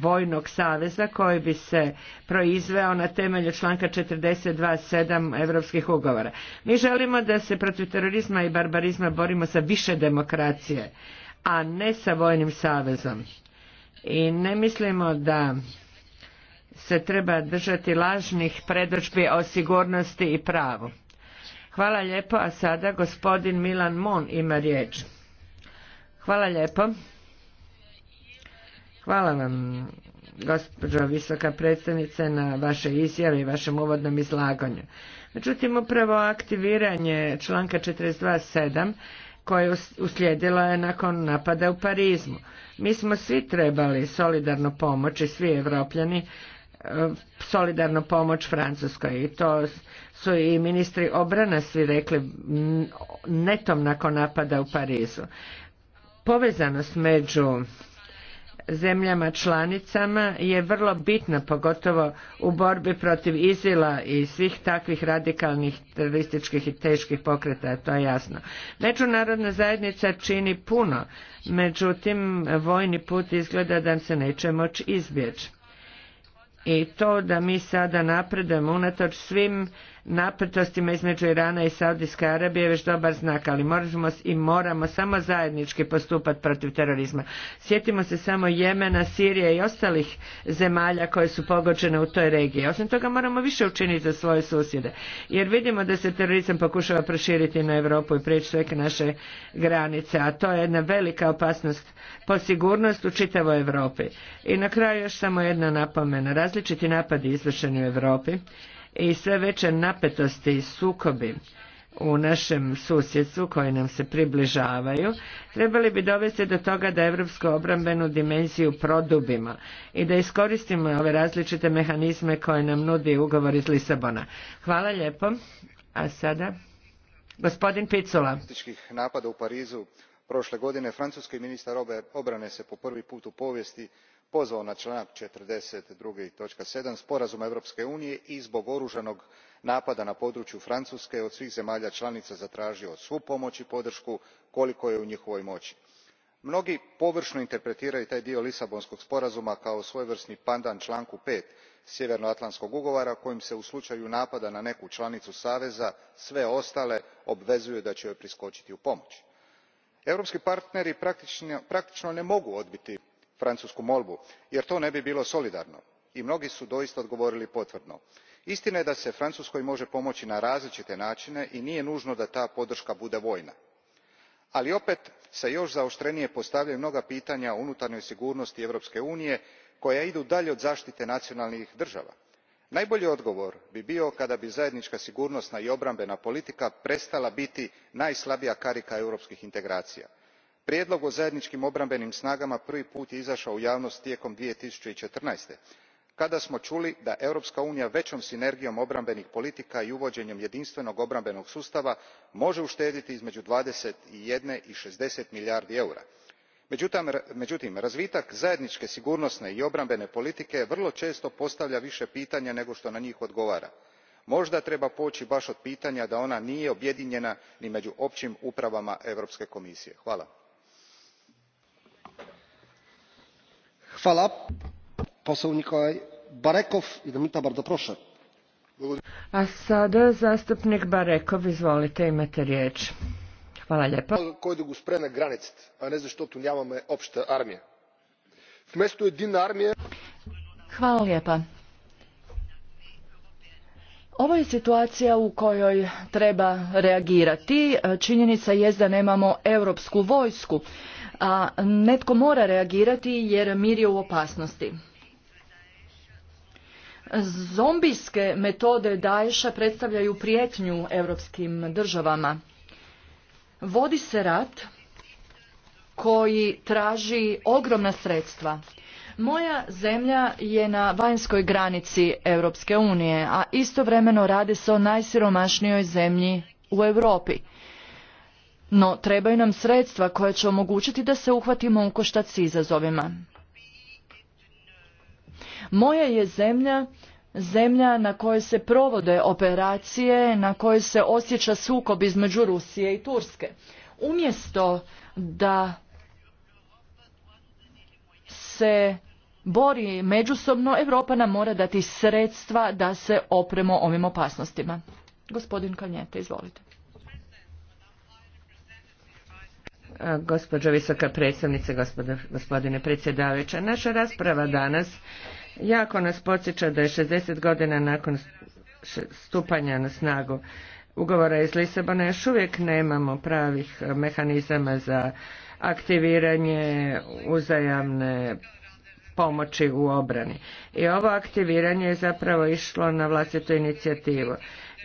vojnog saveza koji bi se proizveo na temelju članka 42.7 europskih ugovora. Mi želimo da se protiv terorizma i barbarizma borimo sa više demokracije, a ne sa vojnim savezom. I ne mislimo da se treba držati lažnih predočbi o sigurnosti i pravu. Hvala lijepo, a sada gospodin Milan Mon ima riječ. Hvala lijepo. Hvala vam, gospođo visoka predstavnice, na vaše izjave i vašem uvodnom izlaganju. Međutim, upravo aktiviranje članka 42.7 koje uslijedilo je nakon napada u Parizmu. Mi smo svi trebali solidarno pomoći, svi evropljani, e, solidarno pomoć Francuskoj i to su i ministri obrana svi rekli netom nakon napada u Parizu. Povezanost među zemljama članicama je vrlo bitna, pogotovo u borbi protiv izila i svih takvih radikalnih terorističkih i teških pokreta, to je jasno. Međunarodna zajednica čini puno, međutim vojni put izgleda da se neće moći izbjeći. I to da mi sada napredujemo unatoč svim napetostima između Irana i Saudijske Arabije već dobar znak, ali možemo i moramo samo zajednički postupati protiv terorizma. Sjetimo se samo Jemena, Sirije i ostalih zemalja koje su pogođene u toj regiji. Osim toga moramo više učiniti za svoje susjede, jer vidimo da se terorizam pokušava proširiti na Europu i prijeći sve naše granice, a to je jedna velika opasnost po sigurnost u čitavoj Europi. I na kraju još samo jedna napomena. Različiti napadi izvršeni u Europi i sve veće napetosti i sukobi u našem susjedstvu koji nam se približavaju, trebali bi dovesti do toga da europsku obrambenu dimenziju produbimo i da iskoristimo ove različite mehanizme koje nam nudi ugovor iz Lisabona. Hvala lijepo. A sada gospodin Picula. napada u Parizu prošle godine francuski ministar obrane se po prvi put u povijesti pozvao na članak forty two seven sporazuma europske unije i zbog oružanog napada na području francuske od svih zemalja članica zatražio svu pomoć i podršku koliko je u njihovoj moći. mnogi površno interpretiraju taj dio lisabonskog sporazuma kao svojevrsni pandan članku five sjevernoatlantskog ugovora kojim se u slučaju napada na neku članicu saveza sve ostale obvezuje da će joj priskočiti u pomoć. europski partneri praktično ne mogu odbiti francusku molbu jer to ne bi bilo solidarno i mnogi su doista odgovorili potvrdno. istina je da se francuskoj može pomoći na razliite naine i nije nuno da ta podrška bude vojna ali opet se još zaotrenije postavljaju mnoga pitanja o unutarnjoj sigurnosti europske unije koja idu dalje od zaštite nacionalnih država. najbolji odgovor bi bio kada bi zajednička sigurnosna i obrambena politika prestala biti najslabija karika europskih integracija prijedlog o zajedničkim obrambenim snagama prvi put je izašao u javnost tijekom. two thousand and fourteen kada smo čuli da europska unija većom sinergijom obrambenih politika i uvođenjem jedinstvenog obrambenog sustava može uštedjeti između dvadeset i one i šezdeset milijardi eura. međutim razvitak zajedničke sigurnosne i obrambene politike vrlo često postavlja više pitanja nego što na njih odgovara. možda treba poći baš od pitanja da ona nije objedinjena ni među općim upravama europske komisije. hvala. Hvala. Nikolaj Barekov, minuta, bardo, proše. A sada zastupnik Barekov, izvolite, imate riječ. Hvala lijepa. Koji da go spre na границата, а не защото нямаме обща армия. Вместо единна армия... Hvala lijepa. Ovo je situacija u kojoj treba reagirati. Činjenica je da nemamo evropsku vojsku a netko mora reagirati jer mir je u opasnosti. Zombijske metode Daesha predstavljaju prijetnju europskim državama. Vodi se rat koji traži ogromna sredstva. Moja zemlja je na vanjskoj granici Europske unije, a istovremeno radi se o najsiromašnijoj zemlji u Europi. No, trebaju nam sredstva koja će omogućiti da se uhvatimo u koštac s izazovima. Moja je zemlja zemlja na kojoj se provode operacije, na kojoj se osjeća sukob između Rusije i Turske. Umjesto da se bori međusobno, Europa nam mora dati sredstva da se opremo ovim opasnostima. Gospodin Kalnjete, izvolite. gospođo visoka predstavnice, gospodine predsjedavajuća. Naša rasprava danas jako nas podsjeća da je 60 godina nakon stupanja na snagu ugovora iz Lisabona još uvijek nemamo pravih mehanizama za aktiviranje uzajamne pomoći u obrani. I ovo aktiviranje je zapravo išlo na vlastitu inicijativu.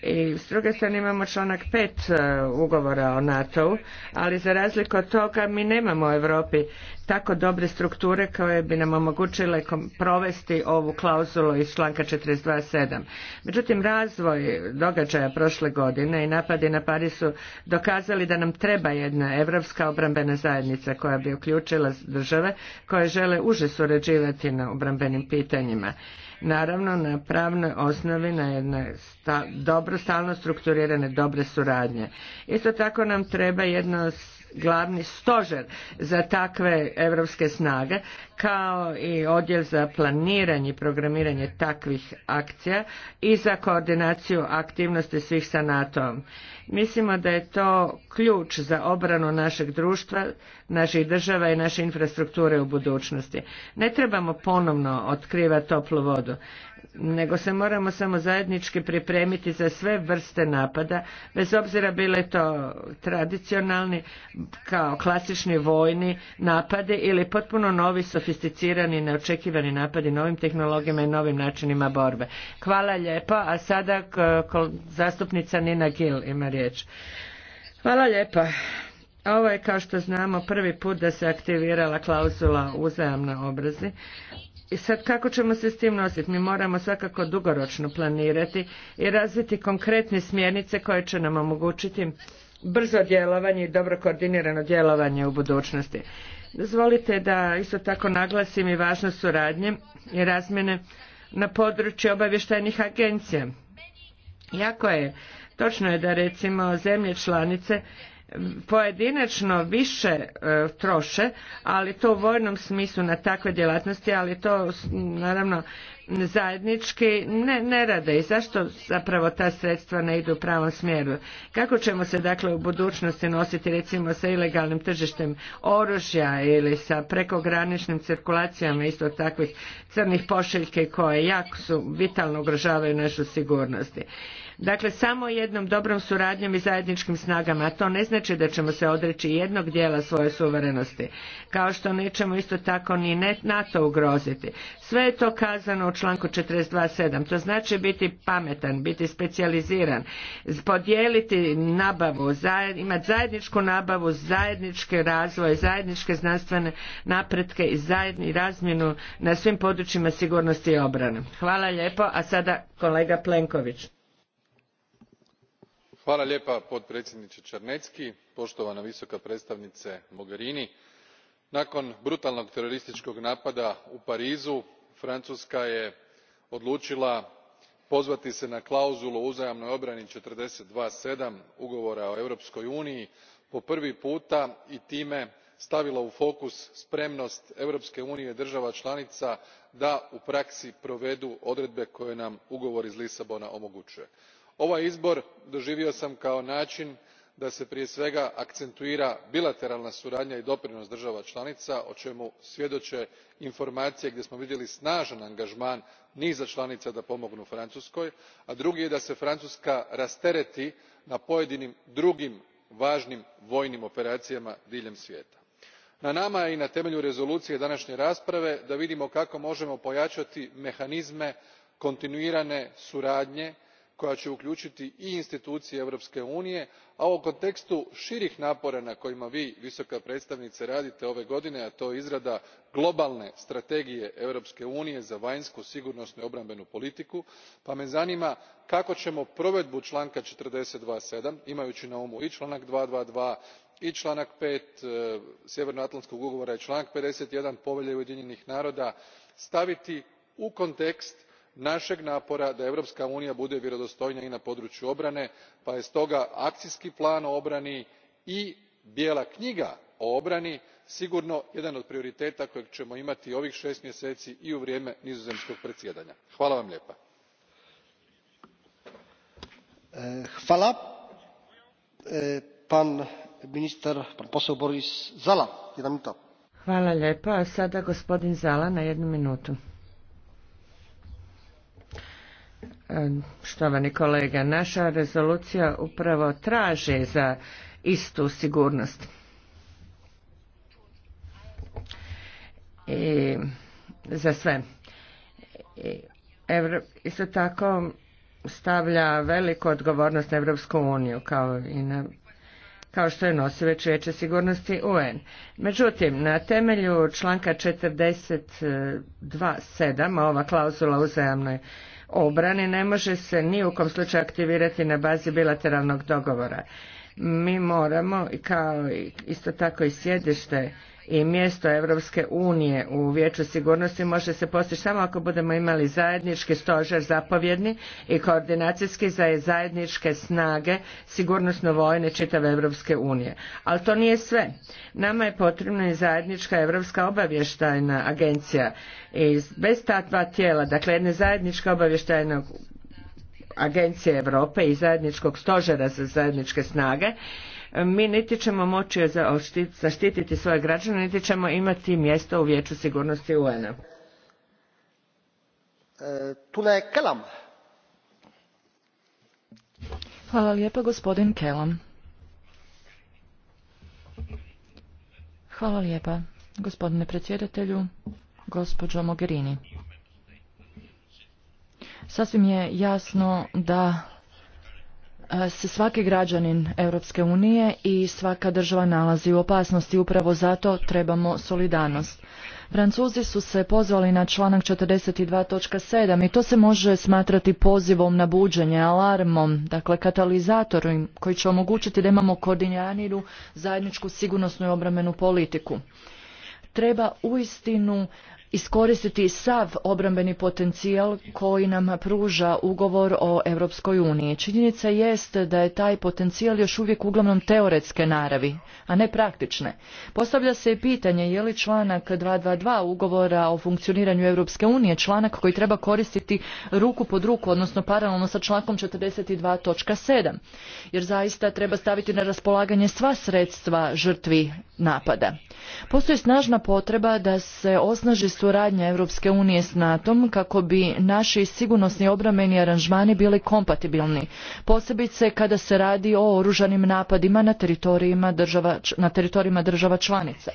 I s druge strane imamo članak 5 e, ugovora o NATO-u, ali za razliku od toga mi nemamo u Europi tako dobre strukture koje bi nam omogućile provesti ovu klauzulu iz članka 42.7. Međutim, razvoj događaja prošle godine i napadi na Parisu dokazali da nam treba jedna evropska obrambena zajednica koja bi uključila države koje žele uže surađivati na obrambenim pitanjima naravno na pravnoj osnovi na jedne dobro, stalno strukturirane dobre suradnje. Isto tako nam treba jedno glavni stožer za takve europske snage kao i odjel za planiranje i programiranje takvih akcija i za koordinaciju aktivnosti svih sa NATO-om. Mislimo da je to ključ za obranu našeg društva, naših država i naše infrastrukture u budućnosti. Ne trebamo ponovno otkrivati toplu vodu, nego se moramo samo zajednički pripremiti za sve vrste napada, bez obzira bile to tradicionalni, kao klasični vojni napade ili potpuno novi sofisticirani sofisticirani i neočekivani napadi novim tehnologijama i novim načinima borbe. Hvala lijepo, a sada zastupnica Nina Gil ima riječ. Hvala lijepa. Ovo je kao što znamo prvi put da se aktivirala klauzula uzajamne obrazi. I sad kako ćemo se s tim nositi? Mi moramo svakako dugoročno planirati i razviti konkretne smjernice koje će nam omogućiti brzo djelovanje i dobro koordinirano djelovanje u budućnosti. Dozvolite da isto tako naglasim i važnost suradnje i razmjene na području obavještajnih agencija. Jako je, točno je da recimo zemlje članice pojedinačno više e, troše, ali to u vojnom smislu na takve djelatnosti, ali to naravno zajednički ne, ne rade i zašto zapravo ta sredstva ne idu u pravom smjeru. Kako ćemo se dakle u budućnosti nositi recimo sa ilegalnim tržištem oružja ili sa prekograničnim cirkulacijama isto takvih crnih pošiljke koje jako su vitalno ugrožavaju našu sigurnost. Dakle, samo jednom dobrom suradnjom i zajedničkim snagama, a to ne znači da ćemo se odreći jednog dijela svoje suverenosti, kao što nećemo isto tako ni NATO ugroziti. Sve je to kazano u članku 42.7. To znači biti pametan, biti specijaliziran, podijeliti nabavu, imati zajedničku nabavu, zajedničke razvoje, zajedničke znanstvene napretke i zajedni razmjenu na svim područjima sigurnosti i obrane. Hvala lijepo, a sada kolega Plenković potpredsjedniče čarnecki poštovana visoka predstavnice mogherini nakon brutalnog terorističkog napada u parizu francuska je odlučila pozvati se na klauzulu o uzajamnoj obrani forty two seven ugovora o europskoj uniji po prvi puta i time stavila u fokus spremnost europske unije i država članica da u praksi provedu odredbe koje nam ugovor iz lisabona omogućuje ovaj izbor doživio sam kao nain da se prije svega akcentuira bilateralna suradnja i doprinos država članica, o čemu svjedoče informacije gdje smo vidjeli snaan angaman niza lanica da pomognu francuskoj a drugi je da se francuska rastereti na pojedinim drugim važnim vojnim operacijama diljem svijeta. na nama je i na temelju rezolucije današnje dananje rasprave da vidimo kako možemo pojaati mehanizme kontinuirane suradnje koja će uključiti i institucije europske unije a u kontekstu širih napora na kojima vi visoka predstavnice radite ove godine a to je izrada globalne strategije europske unije za vanjsku sigurnosnu i obrambenu politiku pa me zanima kako ćemo provedbu članka forty two imajući na umu i članak two hundred and i članak five sjevernoatlantskog ugovora i članak fifty one povelje ujedinjenih naroda staviti u kontekst našeg napora da europska unija bude vjerodostojnija i na području obrane pa je stoga akcijski plan o obrani i bijela knjiga o obrani sigurno jedan od prioriteta kojeg ćemo imati ovih šest mjeseci i u vrijeme nizozemskog predsjedanja. hvala vam lijepa. sada gospodin Zala na minutu štovani kolega. Naša rezolucija upravo traže za istu sigurnost. I za sve. isto tako stavlja veliku odgovornost na Evropsku uniju kao i na kao što je nosi već veće sigurnosti UN. Međutim, na temelju članka 42.7, ova klauzula uzajamnoj obrani ne može se ni u kom slučaju aktivirati na bazi bilateralnog dogovora. Mi moramo, kao isto tako i sjedište i mjesto Europske unije u vijeću sigurnosti može se postići samo ako budemo imali zajednički stožer zapovjedni i koordinacijski za zajedničke snage sigurnosno vojne čitave Europske unije. Ali to nije sve. Nama je potrebna i zajednička Europska obavještajna agencija i bez ta dva tijela, dakle jedne zajedničke obavještajne agencije Europe i zajedničkog stožera za zajedničke snage mi niti ćemo moći zaštititi svoje građane, niti ćemo imati mjesto u Vijeću sigurnosti UN-a. E, Kelam. Hvala lijepa, gospodin Kelam. Hvala lijepa, gospodine predsjedatelju, gospođo Mogherini. Sasvim je jasno da E, se svaki građanin Europske unije i svaka država nalazi u opasnosti. Upravo zato trebamo solidarnost. Francuzi su se pozvali na članak 42.7 i to se može smatrati pozivom na buđenje, alarmom, dakle katalizatorom koji će omogućiti da imamo koordiniranu zajedničku sigurnosnu i obramenu politiku treba uistinu iskoristiti sav obrambeni potencijal koji nam pruža ugovor o Europskoj uniji. Činjenica jest da je taj potencijal još uvijek uglavnom teoretske naravi, a ne praktične. Postavlja se i pitanje je li članak 222 ugovora o funkcioniranju Europske unije članak koji treba koristiti ruku pod ruku, odnosno paralelno sa člankom 42.7, jer zaista treba staviti na raspolaganje sva sredstva žrtvi napada. Postoji snažna potreba da se osnaži suradnja Europske unije s NATO-om kako bi naši sigurnosni obrambeni aranžmani bili kompatibilni, posebice kada se radi o oružanim napadima na teritorijima država, na teritorijima država članica.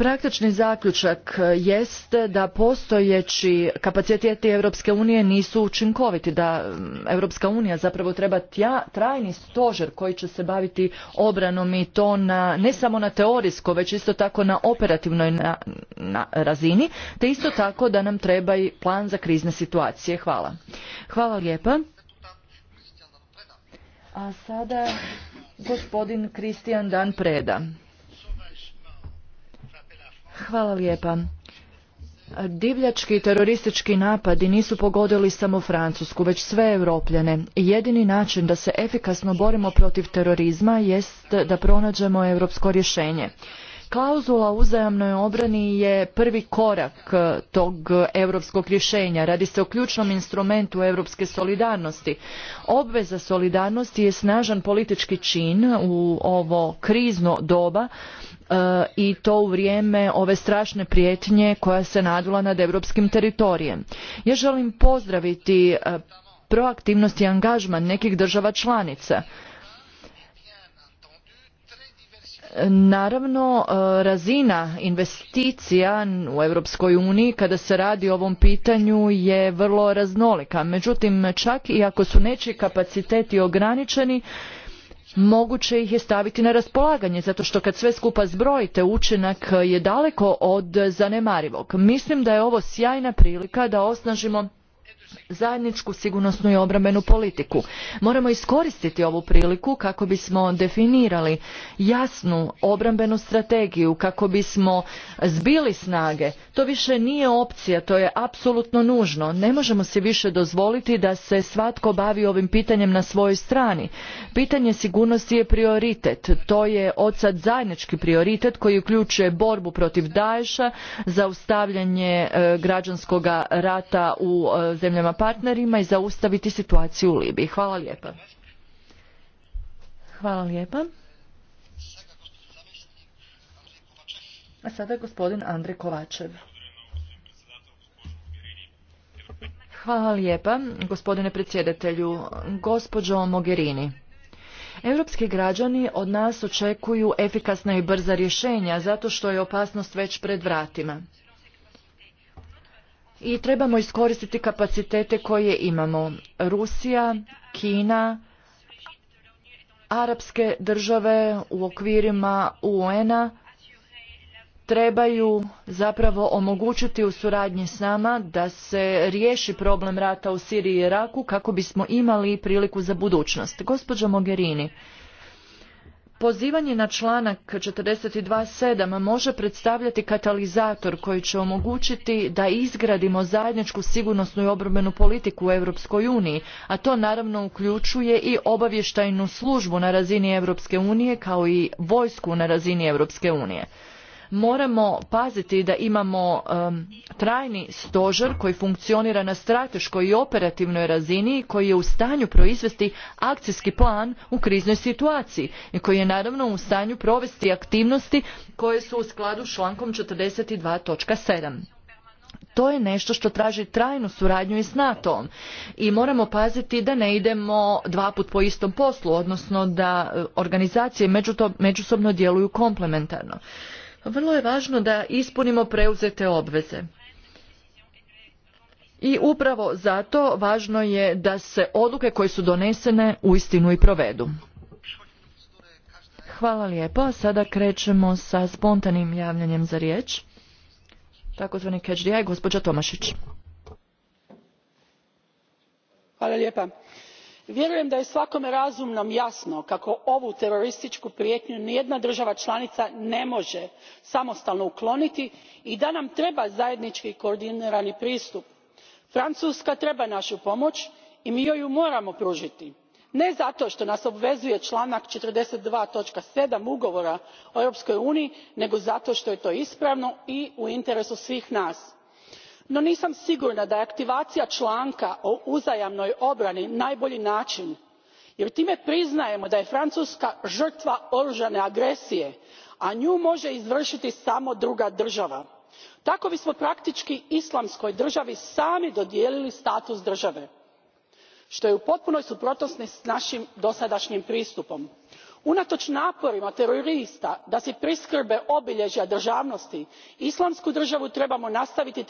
Praktični zaključak e, jest da postojeći kapaciteti Europske unije nisu učinkoviti, da Europska unija zapravo treba trajni stožer koji će se baviti obranom i to na, ne samo na teorijsko, već isto tako na operativnoj razini, te isto tako da nam treba i plan za krizne situacije. Hvala. Hvala lijepa. A sada gospodin Kristijan Dan Preda. Hvala lijepa. Divljački teroristički napadi nisu pogodili samo Francusku, već sve Europljane. Jedini način da se efikasno borimo protiv terorizma jest da pronađemo europsko rješenje. Klauzula uzajamnoj obrani je prvi korak e, tog europskog rješenja. Radi se o ključnom instrumentu europske solidarnosti. Obveza solidarnosti je snažan politički čin u ovo krizno doba E, i to u vrijeme ove strašne prijetnje koja se nadula nad europskim teritorijem. Ja želim pozdraviti e, proaktivnost i angažman nekih država članica. Naravno, e, razina investicija u Europskoj uniji kada se radi o ovom pitanju je vrlo raznolika. Međutim, čak i ako su nečiji kapaciteti ograničeni, moguće ih je staviti na raspolaganje zato što kad sve skupa zbrojite učinak je daleko od zanemarivog. Mislim da je ovo sjajna prilika da osnažimo zajedničku sigurnosnu i obrambenu politiku. Moramo iskoristiti ovu priliku kako bismo definirali jasnu obrambenu strategiju, kako bismo zbili snage. To više nije opcija, to je apsolutno nužno. Ne možemo si više dozvoliti da se svatko bavi ovim pitanjem na svojoj strani. Pitanje sigurnosti je prioritet. To je od sad zajednički prioritet koji uključuje borbu protiv Daesha, zaustavljanje ustavljanje građanskog rata u e, zemljama partnerima i zaustaviti situaciju u Libiji. Hvala lijepa. Hvala lijepa. A sada gospodin Andrej Kovačev. Hvala lijepa, gospodine predsjedatelju, gospođo Mogherini. Europski građani od nas očekuju efikasna i brza rješenja zato što je opasnost već pred vratima i trebamo iskoristiti kapacitete koje imamo. Rusija, Kina, arapske države u okvirima UN-a trebaju zapravo omogućiti u suradnji s nama da se riješi problem rata u Siriji i Iraku kako bismo imali priliku za budućnost. Gospođo Mogherini, Pozivanje na članak 42.7 može predstavljati katalizator koji će omogućiti da izgradimo zajedničku sigurnosnu i obrambenu politiku u Europskoj uniji, a to naravno uključuje i obavještajnu službu na razini Europske unije kao i vojsku na razini Europske unije moramo paziti da imamo trajni stožer koji funkcionira na strateškoj i operativnoj razini i koji je u stanju proizvesti akcijski plan u kriznoj situaciji i koji je naravno u stanju provesti aktivnosti koje su u skladu s člankom 42.7. To je nešto što traži trajnu suradnju i s NATO-om i moramo paziti da ne idemo dva put po istom poslu, odnosno da e, organizacije međusobno djeluju komplementarno. Vrlo je važno da ispunimo preuzete obveze. I upravo zato važno je da se odluke koje su donesene uistinu i provedu. Hvala lijepo. Sada krećemo sa spontanim javljanjem za riječ. Takozvani catch the eye, gospođa Tomašić. Hvala lijepa vjerujem da je svakome razumnom jasno kako ovu terorističku prijetnju nijedna država članica ne može samostalno ukloniti i da nam treba zajednički koordinirani pristup. francuska treba našu pomoć i mi joj ju moramo pružiti ne zato što nas obvezuje članak forty two seven ugovora o europskoj uniji nego zato što je to ispravno i u interesu svih nas no nisam sigurna da je aktivacija članka o uzajamnoj obrani najbolji način, jer time priznajemo da je francuska žrtva oružane agresije a nju može izvršiti samo druga država. tako bismo praktički islamskoj državi sami dodijelili status države, što je u potpunoj suprotnosti s našim dosadašnjim pristupom unato naporima terorista da se priskrbe obiljeja državnosti, islamsku državu trebamo nastaviti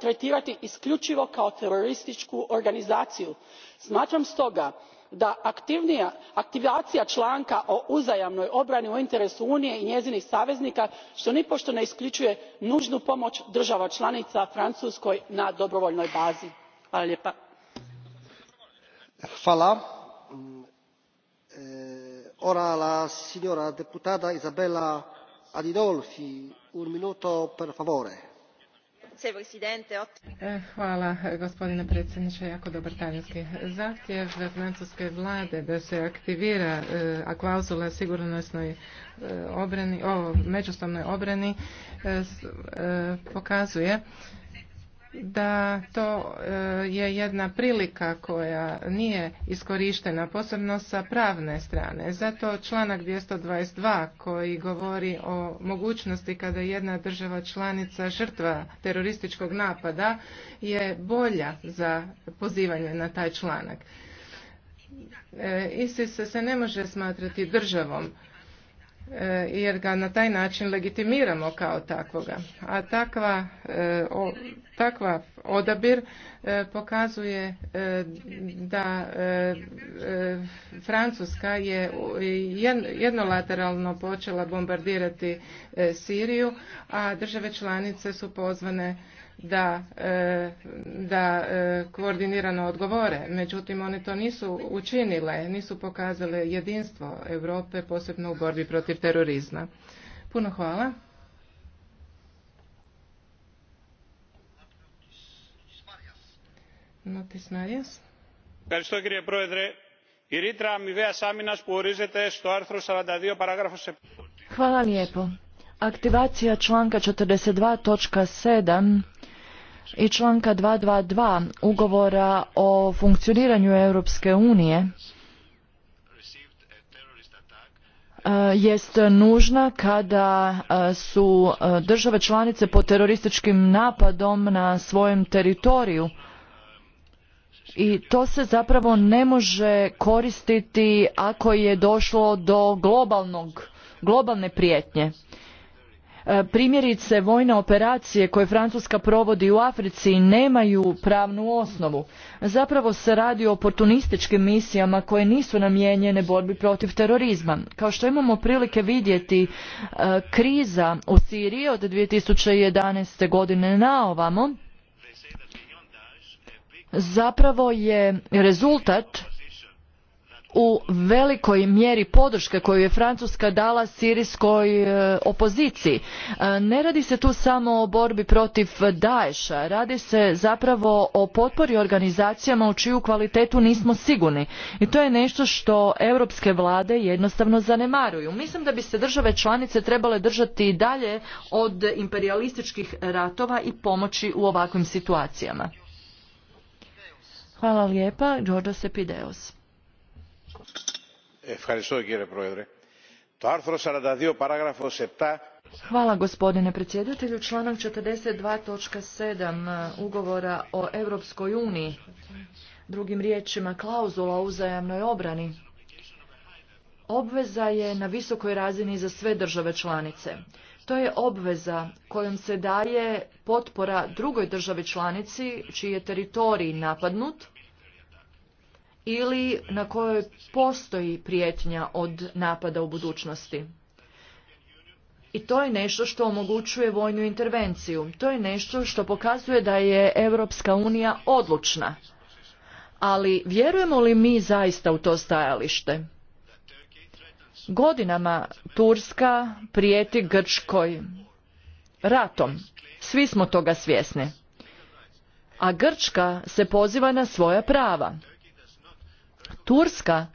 tretirati isključivo kao terorističku organizaciju. smatram stoga da aktivacija članka o uzajamnoj obrani u interesu unije i njezinih saveznika što nipoto ne isključuje nužnu pomoć država članica francuskoj na dobrovoljnoj bazi. hvala ora la signora deputata isabella adinolfi un minuto per favore e, hvala gospodine predsjedniče jako dobar talijanski zahtjev francuske vlade da se aktivira e, a klauzula sigurnosnoj e, obrani o međusobnoj obrani pokazuje da to e, je jedna prilika koja nije iskorištena posebno sa pravne strane. Zato članak 222 koji govori o mogućnosti kada jedna država članica žrtva terorističkog napada je bolja za pozivanje na taj članak. E, ISIS se ne može smatrati državom E, jer ga na taj način legitimiramo kao takvoga. A takva, e, takva odabir e, pokazuje da Francuska je jednolateralno počela bombardirati Siriju, a države članice su pozvane da, e, da e, koordinirano odgovore. Međutim, one to nisu učinile, nisu pokazale jedinstvo Europe, posebno u borbi protiv terorizma. Puno hvala. Notis Marias. Ευχαριστώ κύριε Πρόεδρε. Η ρήτρα αμοιβαίας άμυνας που ορίζεται στο άρθρο 42 παράγραφος 7. Hvala lijepo. Aktivacija članka 42.7 i članka 222 ugovora o funkcioniranju Europske unije e, jest nužna kada e, su e, države članice pod terorističkim napadom na svojem teritoriju i to se zapravo ne može koristiti ako je došlo do globalne prijetnje E, primjerice vojne operacije koje Francuska provodi u Africi nemaju pravnu osnovu. Zapravo se radi o oportunističkim misijama koje nisu namijenjene borbi protiv terorizma. Kao što imamo prilike vidjeti, e, kriza u Siriji od 2011. godine na ovamo zapravo je rezultat u velikoj mjeri podrške koju je Francuska dala sirijskoj e, opoziciji. E, ne radi se tu samo o borbi protiv Daesha, radi se zapravo o potpori organizacijama u čiju kvalitetu nismo sigurni. I to je nešto što europske vlade jednostavno zanemaruju. Mislim da bi se države članice trebale držati i dalje od imperialističkih ratova i pomoći u ovakvim situacijama. Hvala lijepa, Georgios Epideos hvala predsjedatelju 42 Hvala gospodine predsjedatelju. ugovora o Europskoj uniji, drugim riječima klauzula o uzajamnoj obrani, obveza je na visokoj razini za sve države članice. To je obveza kojom se daje potpora drugoj državi članici čiji je teritorij napadnut ili na kojoj postoji prijetnja od napada u budućnosti. I to je nešto što omogućuje vojnu intervenciju. To je nešto što pokazuje da je Europska unija odlučna. Ali vjerujemo li mi zaista u to stajalište? Godinama Turska prijeti Grčkoj ratom. Svi smo toga svjesni. A Grčka se poziva na svoja prava. Turska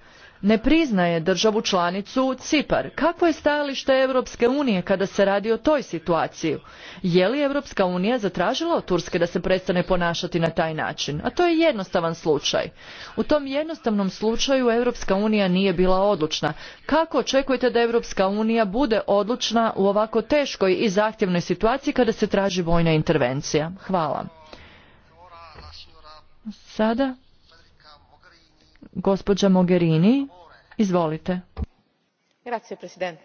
ne priznaje državu članicu Cipar. Kakvo je stajalište Europske unije kada se radi o toj situaciji? Je li Europska unija zatražila od Turske da se prestane ponašati na taj način? A to je jednostavan slučaj. U tom jednostavnom slučaju Europska unija nije bila odlučna. Kako očekujete da Europska unija bude odlučna u ovako teškoj i zahtjevnoj situaciji kada se traži vojna intervencija? Hvala. Sada Gospođa Mogherini, izvolite. Grazie, presidente.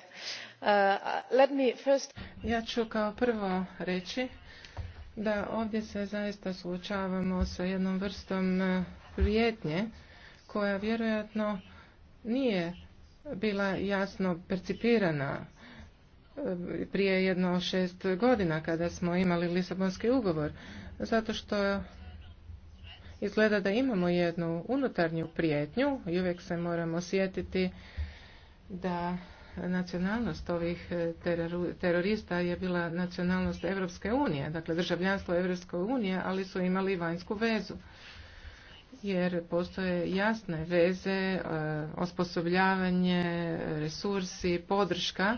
Uh, ja ću kao prvo reći da ovdje se zaista suočavamo sa jednom vrstom uh, prijetnje koja vjerojatno nije bila jasno percipirana uh, prije jedno šest godina kada smo imali Lisabonski ugovor, zato što izgleda da imamo jednu unutarnju prijetnju i uvijek se moramo sjetiti da nacionalnost ovih e, terorista je bila nacionalnost Europske unije, dakle državljanstvo Europske unije, ali su imali vanjsku vezu. Jer postoje jasne veze, e, osposobljavanje, resursi, podrška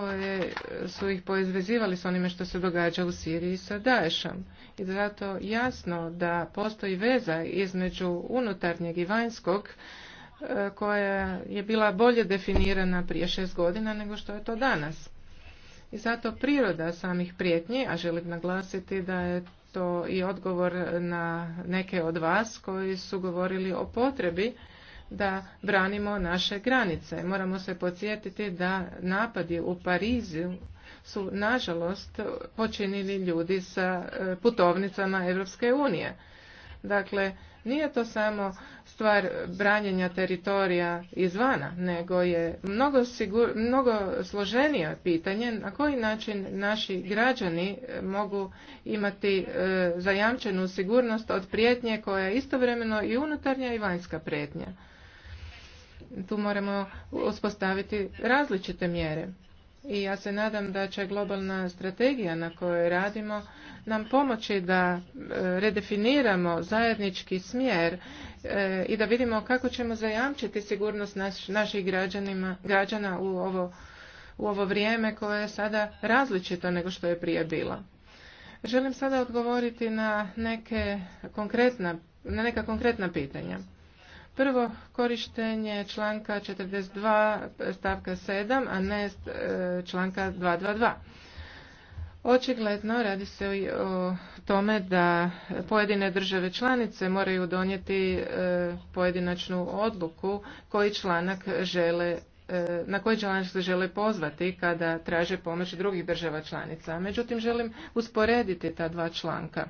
koje su ih poizvezivali s onime što se događa u Siriji sa daješom I zato jasno da postoji veza između unutarnjeg i vanjskog e, koja je bila bolje definirana prije šest godina nego što je to danas. I zato priroda samih prijetnji, a želim naglasiti da je to i odgovor na neke od vas koji su govorili o potrebi da branimo naše granice. Moramo se podsjetiti da napadi u Parizu su nažalost počinili ljudi sa e, putovnicama Europske unije. Dakle, nije to samo stvar branjenja teritorija izvana, nego je mnogo, mnogo složenije pitanje na koji način naši građani e, mogu imati e, zajamčenu sigurnost od prijetnje koja je istovremeno i unutarnja i vanjska prijetnja tu moramo uspostaviti različite mjere. I ja se nadam da će globalna strategija na kojoj radimo nam pomoći da e, redefiniramo zajednički smjer e, i da vidimo kako ćemo zajamčiti sigurnost naših građanima, građana u ovo, u ovo vrijeme koje je sada različito nego što je prije bilo. Želim sada odgovoriti na neke konkretna, na neka konkretna pitanja. Prvo, korištenje članka 42 stavka 7, a ne e, članka 222. Očigledno radi se o tome da pojedine države članice moraju donijeti e, pojedinačnu odluku koji članak žele e, na koji članak se žele pozvati kada traže pomoć drugih država članica. Međutim, želim usporediti ta dva članka.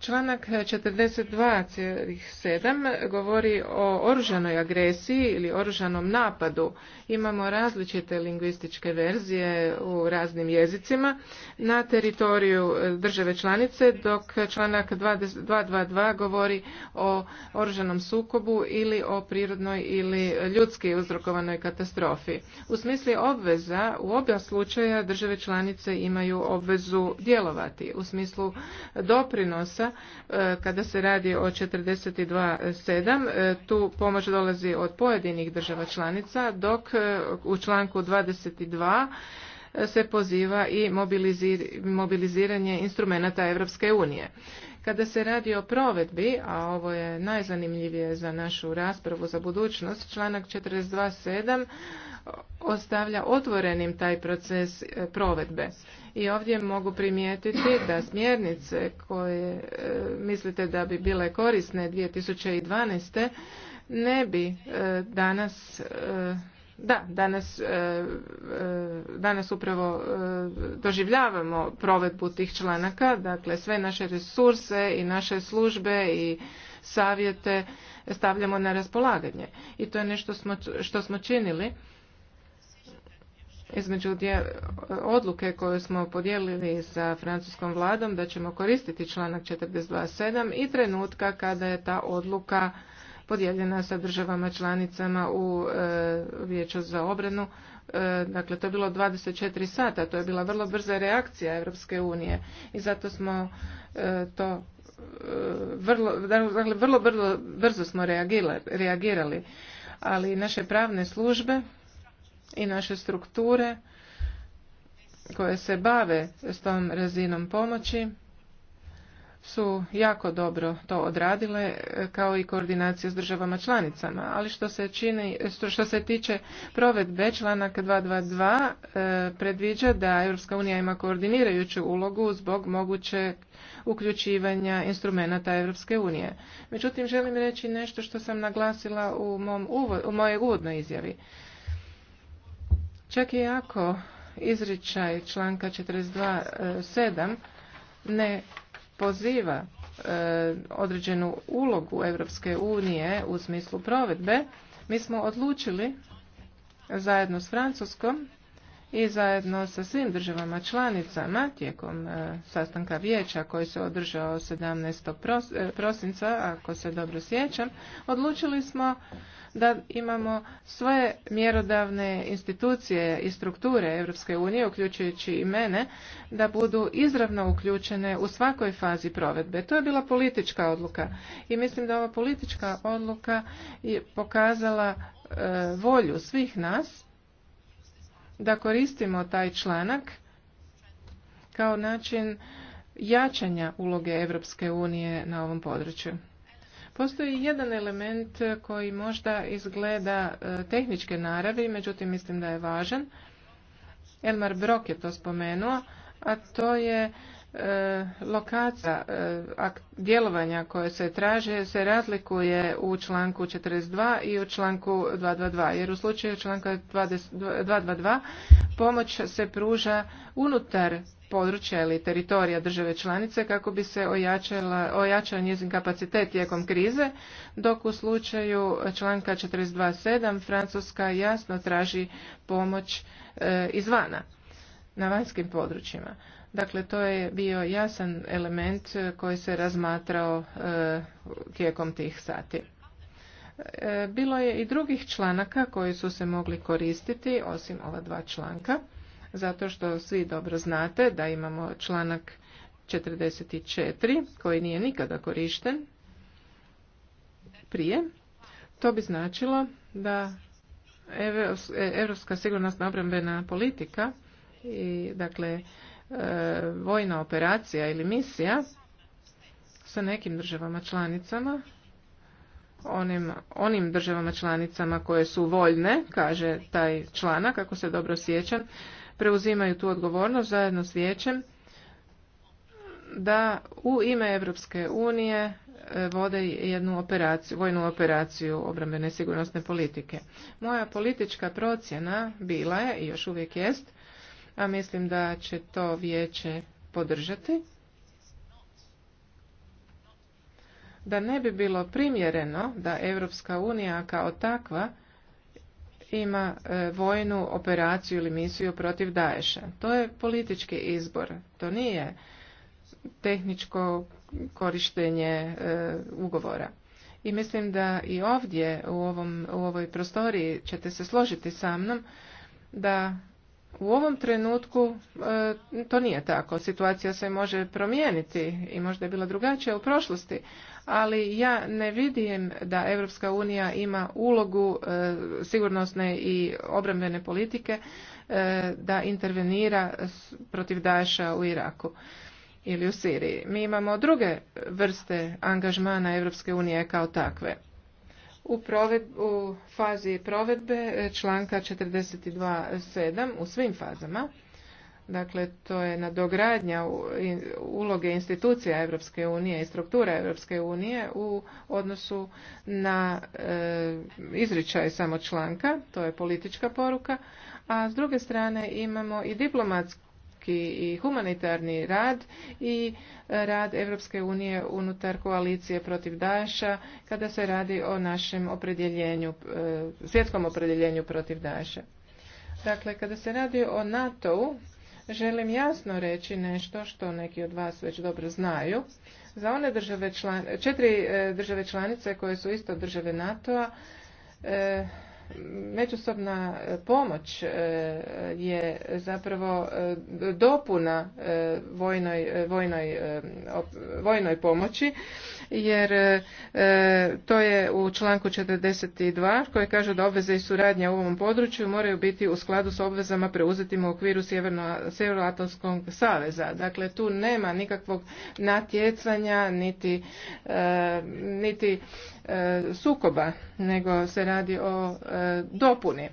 Članak 42,7 govori o oružanoj agresiji ili oružanom napadu. Imamo različite lingvističke verzije u raznim jezicima na teritoriju e, države članice, dok članak 222 govori o oružanom sukobu ili o prirodnoj ili ljudski uzrokovanoj katastrofi. U smisli obveza u obja slučaja države članice imaju obvezu djelovati. U smislu doprinosa E, kada se radi o 42.7 e, tu pomoć dolazi od pojedinih država članica dok e, u članku 22 se poziva i mobiliziranje instrumenta Europske unije. Kada se radi o provedbi, a ovo je najzanimljivije za našu raspravu za budućnost, članak 42.7 ostavlja otvorenim taj proces provedbe i ovdje mogu primijetiti da smjernice koje e, mislite da bi bile korisne 2012. ne bi e, danas e, da, danas, danas upravo doživljavamo provedbu tih članaka, dakle sve naše resurse i naše službe i savjete stavljamo na raspolaganje. I to je nešto što smo činili između odluke koju smo podijelili sa francuskom vladom da ćemo koristiti članak 42.7 i trenutka kada je ta odluka podijeljena sa državama članicama u e, Vijeću za obranu. E, dakle, to je bilo 24 sata, to je bila vrlo brza reakcija Europske unije i zato smo e, to e, vrlo, dakle, vrlo, vrlo brzo smo reagirali, ali naše pravne službe i naše strukture koje se bave s tom razinom pomoći su jako dobro to odradile e, kao i koordinacija s državama članicama. Ali što se čini, što se tiče provedbe članak 222 e, predviđa da Europska unija ima koordinirajuću ulogu zbog mogućeg uključivanja instrumenata Europske unije. Međutim, želim reći nešto što sam naglasila u, mom, u mojoj uvodnoj izjavi. Čak i ako izričaj članka 42.7 ne poziva e, određenu ulogu Europske unije u smislu provedbe, mi smo odlučili zajedno s Francuskom i zajedno sa svim državama članicama tijekom e, sastanka vijeća koji se održao 17. E, prosinca, ako se dobro sjećam, odlučili smo da imamo sve mjerodavne institucije i strukture Europske unije, uključujući i mene, da budu izravno uključene u svakoj fazi provedbe. To je bila politička odluka i mislim da ova politička odluka je pokazala e, volju svih nas da koristimo taj članak kao način jačanja uloge Europske unije na ovom području. Postoji jedan element koji možda izgleda e, tehničke naravi, međutim mislim da je važan. Elmar Brok je to spomenuo, a to je E, lokacija e, djelovanja koje se traže se razlikuje u članku 42 i u članku 222 jer u slučaju članka 222 pomoć se pruža unutar područja ili teritorija države članice kako bi se ojačala, ojačao njezin kapacitet tijekom krize, dok u slučaju članka 42.7 Francuska jasno traži pomoć e, izvana na vanjskim područjima. Dakle, to je bio jasan element koji se razmatrao e, tijekom tih sati. E, bilo je i drugih članaka koji su se mogli koristiti, osim ova dva članka, zato što svi dobro znate da imamo članak 44 koji nije nikada korišten prije. To bi značilo da e, Europska sigurnosna obrambena politika i dakle E, vojna operacija ili misija sa nekim državama članicama, onim, onim državama članicama koje su voljne, kaže taj članak, ako se dobro sjećam, preuzimaju tu odgovornost zajedno s vijećem da u ime Europske unije e, vode jednu operaciju, vojnu operaciju obrambene sigurnosne politike. Moja politička procjena bila je i još uvijek jest a mislim da će to vijeće podržati. Da ne bi bilo primjereno da Europska unija kao takva ima e, vojnu operaciju ili misiju protiv Daesha. To je politički izbor, to nije tehničko korištenje e, ugovora. I mislim da i ovdje u, ovom, u ovoj prostoriji ćete se složiti sa mnom da u ovom trenutku e, to nije tako. Situacija se može promijeniti i možda je bila drugačija u prošlosti, ali ja ne vidim da Europska unija ima ulogu e, sigurnosne i obrambene politike e, da intervenira protiv Daša u Iraku ili u Siriji. Mi imamo druge vrste angažmana Europske unije kao takve u, fazi provedbe e, članka 42.7 u svim fazama. Dakle, to je nadogradnja uloge institucija Europske unije i struktura Europske unije u odnosu na e, izričaj samo članka, to je politička poruka, a s druge strane imamo i diplomatsku i humanitarni rad i rad Europske unije unutar koalicije protiv Daša kada se radi o našem opredjeljenju, e, svjetskom opredjeljenju protiv Daša. Dakle, kada se radi o NATO-u, želim jasno reći nešto što neki od vas već dobro znaju. Za one države član, četiri e, države članice koje su isto države NATO-a, e, međusobna e, pomoć e, je zapravo e, dopuna vojnoj, vojnoj, pomoći jer e, e, to je u članku 42 koji kaže da obveze i suradnja u ovom području moraju biti u skladu s obvezama preuzetim u okviru Sjevernoatlantskog saveza. Dakle, tu nema nikakvog natjecanja niti, e, niti sukoba, nego se radi o dopuni.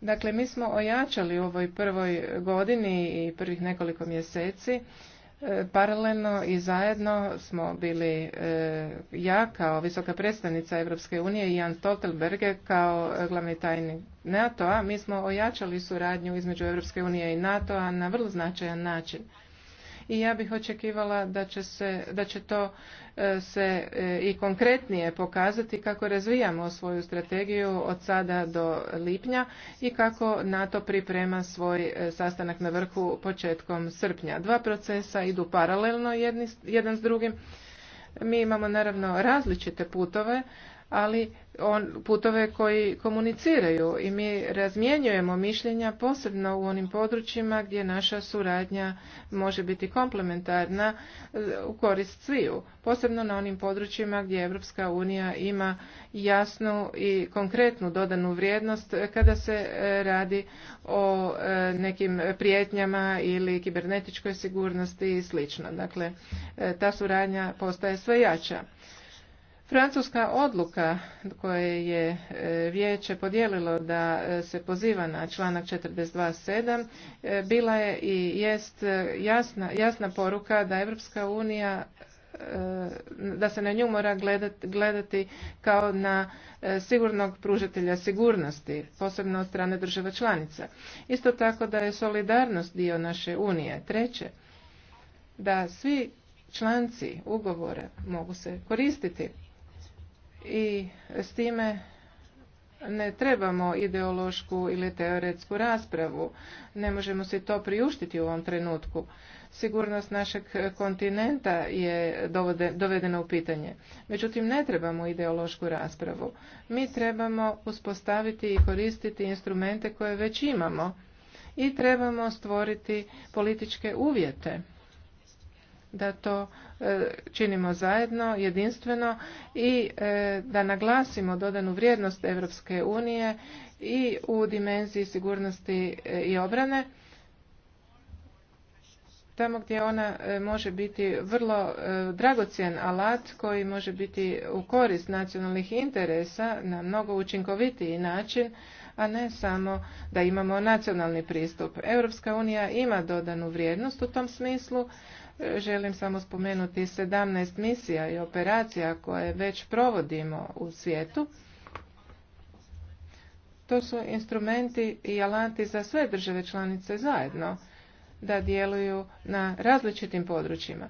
Dakle, mi smo ojačali u ovoj prvoj godini i prvih nekoliko mjeseci E, paralelno i zajedno smo bili e, ja kao visoka predstavnica Europske unije i Jan Stoltenberge kao e, glavni tajnik NATO-a. Mi smo ojačali suradnju između Europske unije i NATO-a na vrlo značajan način i ja bih očekivala da će, se, da će to e, se e, i konkretnije pokazati kako razvijamo svoju strategiju od sada do lipnja i kako NATO priprema svoj e, sastanak na vrhu početkom srpnja. Dva procesa idu paralelno jedan s drugim. Mi imamo naravno različite putove, ali putove koji komuniciraju i mi razmjenjujemo mišljenja posebno u onim područjima gdje naša suradnja može biti komplementarna eh, u korist sviju, posebno na onim područjima gdje Evropska unija ima jasnu i konkretnu dodanu vrijednost eh, kada se eh, radi o nekim prijetnjama ili kibernetičkoj sigurnosti i slično. Dakle, ta suradnja postaje sve jača. Francuska odluka koje je e, vijeće podijelilo da e, se poziva na članak 42.7 e, bila je i jest jasna, poruka da Europska unija da se na nju mora gledati, gledati kao na sigurnog pružatelja sigurnosti, posebno od strane država članica. Isto tako da je solidarnost dio naše unije. Treće, da svi članci ugovora mogu se koristiti i s time ne trebamo ideološku ili teoretsku raspravu. Ne možemo se to priuštiti u ovom trenutku. Sigurnost našeg kontinenta je dovedena u pitanje. Međutim, ne trebamo ideološku raspravu. Mi trebamo uspostaviti i koristiti instrumente koje već imamo i trebamo stvoriti političke uvjete da to e, činimo zajedno, jedinstveno i e, da naglasimo dodanu vrijednost Europske unije i u dimenziji sigurnosti e, i obrane tamo gdje ona može biti vrlo dragocjen alat koji može biti u korist nacionalnih interesa na mnogo učinkovitiji način, a ne samo da imamo nacionalni pristup. Europska unija ima dodanu vrijednost u tom smislu, želim samo spomenuti 17 misija i operacija koje već provodimo u svijetu. To su instrumenti i alanti za sve države članice zajedno da djeluju na različitim područjima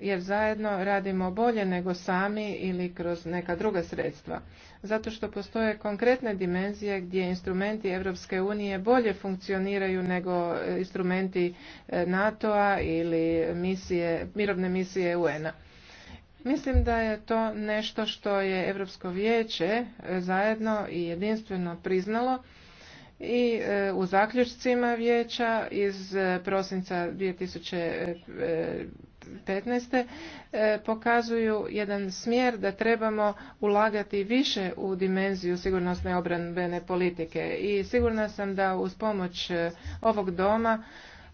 jer zajedno radimo bolje nego sami ili kroz neka druga sredstva zato što postoje konkretne dimenzije gdje instrumenti Europske unije bolje funkcioniraju nego e, instrumenti e, NATO-a ili misije, mirovne misije UN-a. Mislim da je to nešto što je Europsko vijeće e, zajedno i jedinstveno priznalo i u zaključcima vijeća iz prosinca 2015. 2015. E, pokazuju jedan smjer da trebamo ulagati više u dimenziju sigurnosne obranbene politike i sigurna sam da uz pomoć e, ovog doma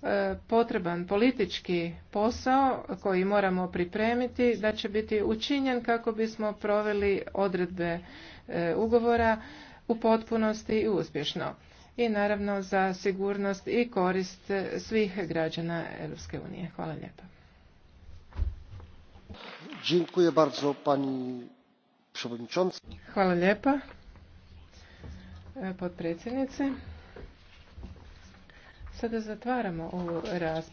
e, potreban politički posao koji moramo pripremiti da će biti učinjen kako bismo proveli odredbe ugovora u potpunosti i uspješno i naravno za sigurnost i korist svih građana Europske unije. Hvala lijepa. Hvala lijepa, e, potpredsjednice. Sada zatvaramo ovu raspravu.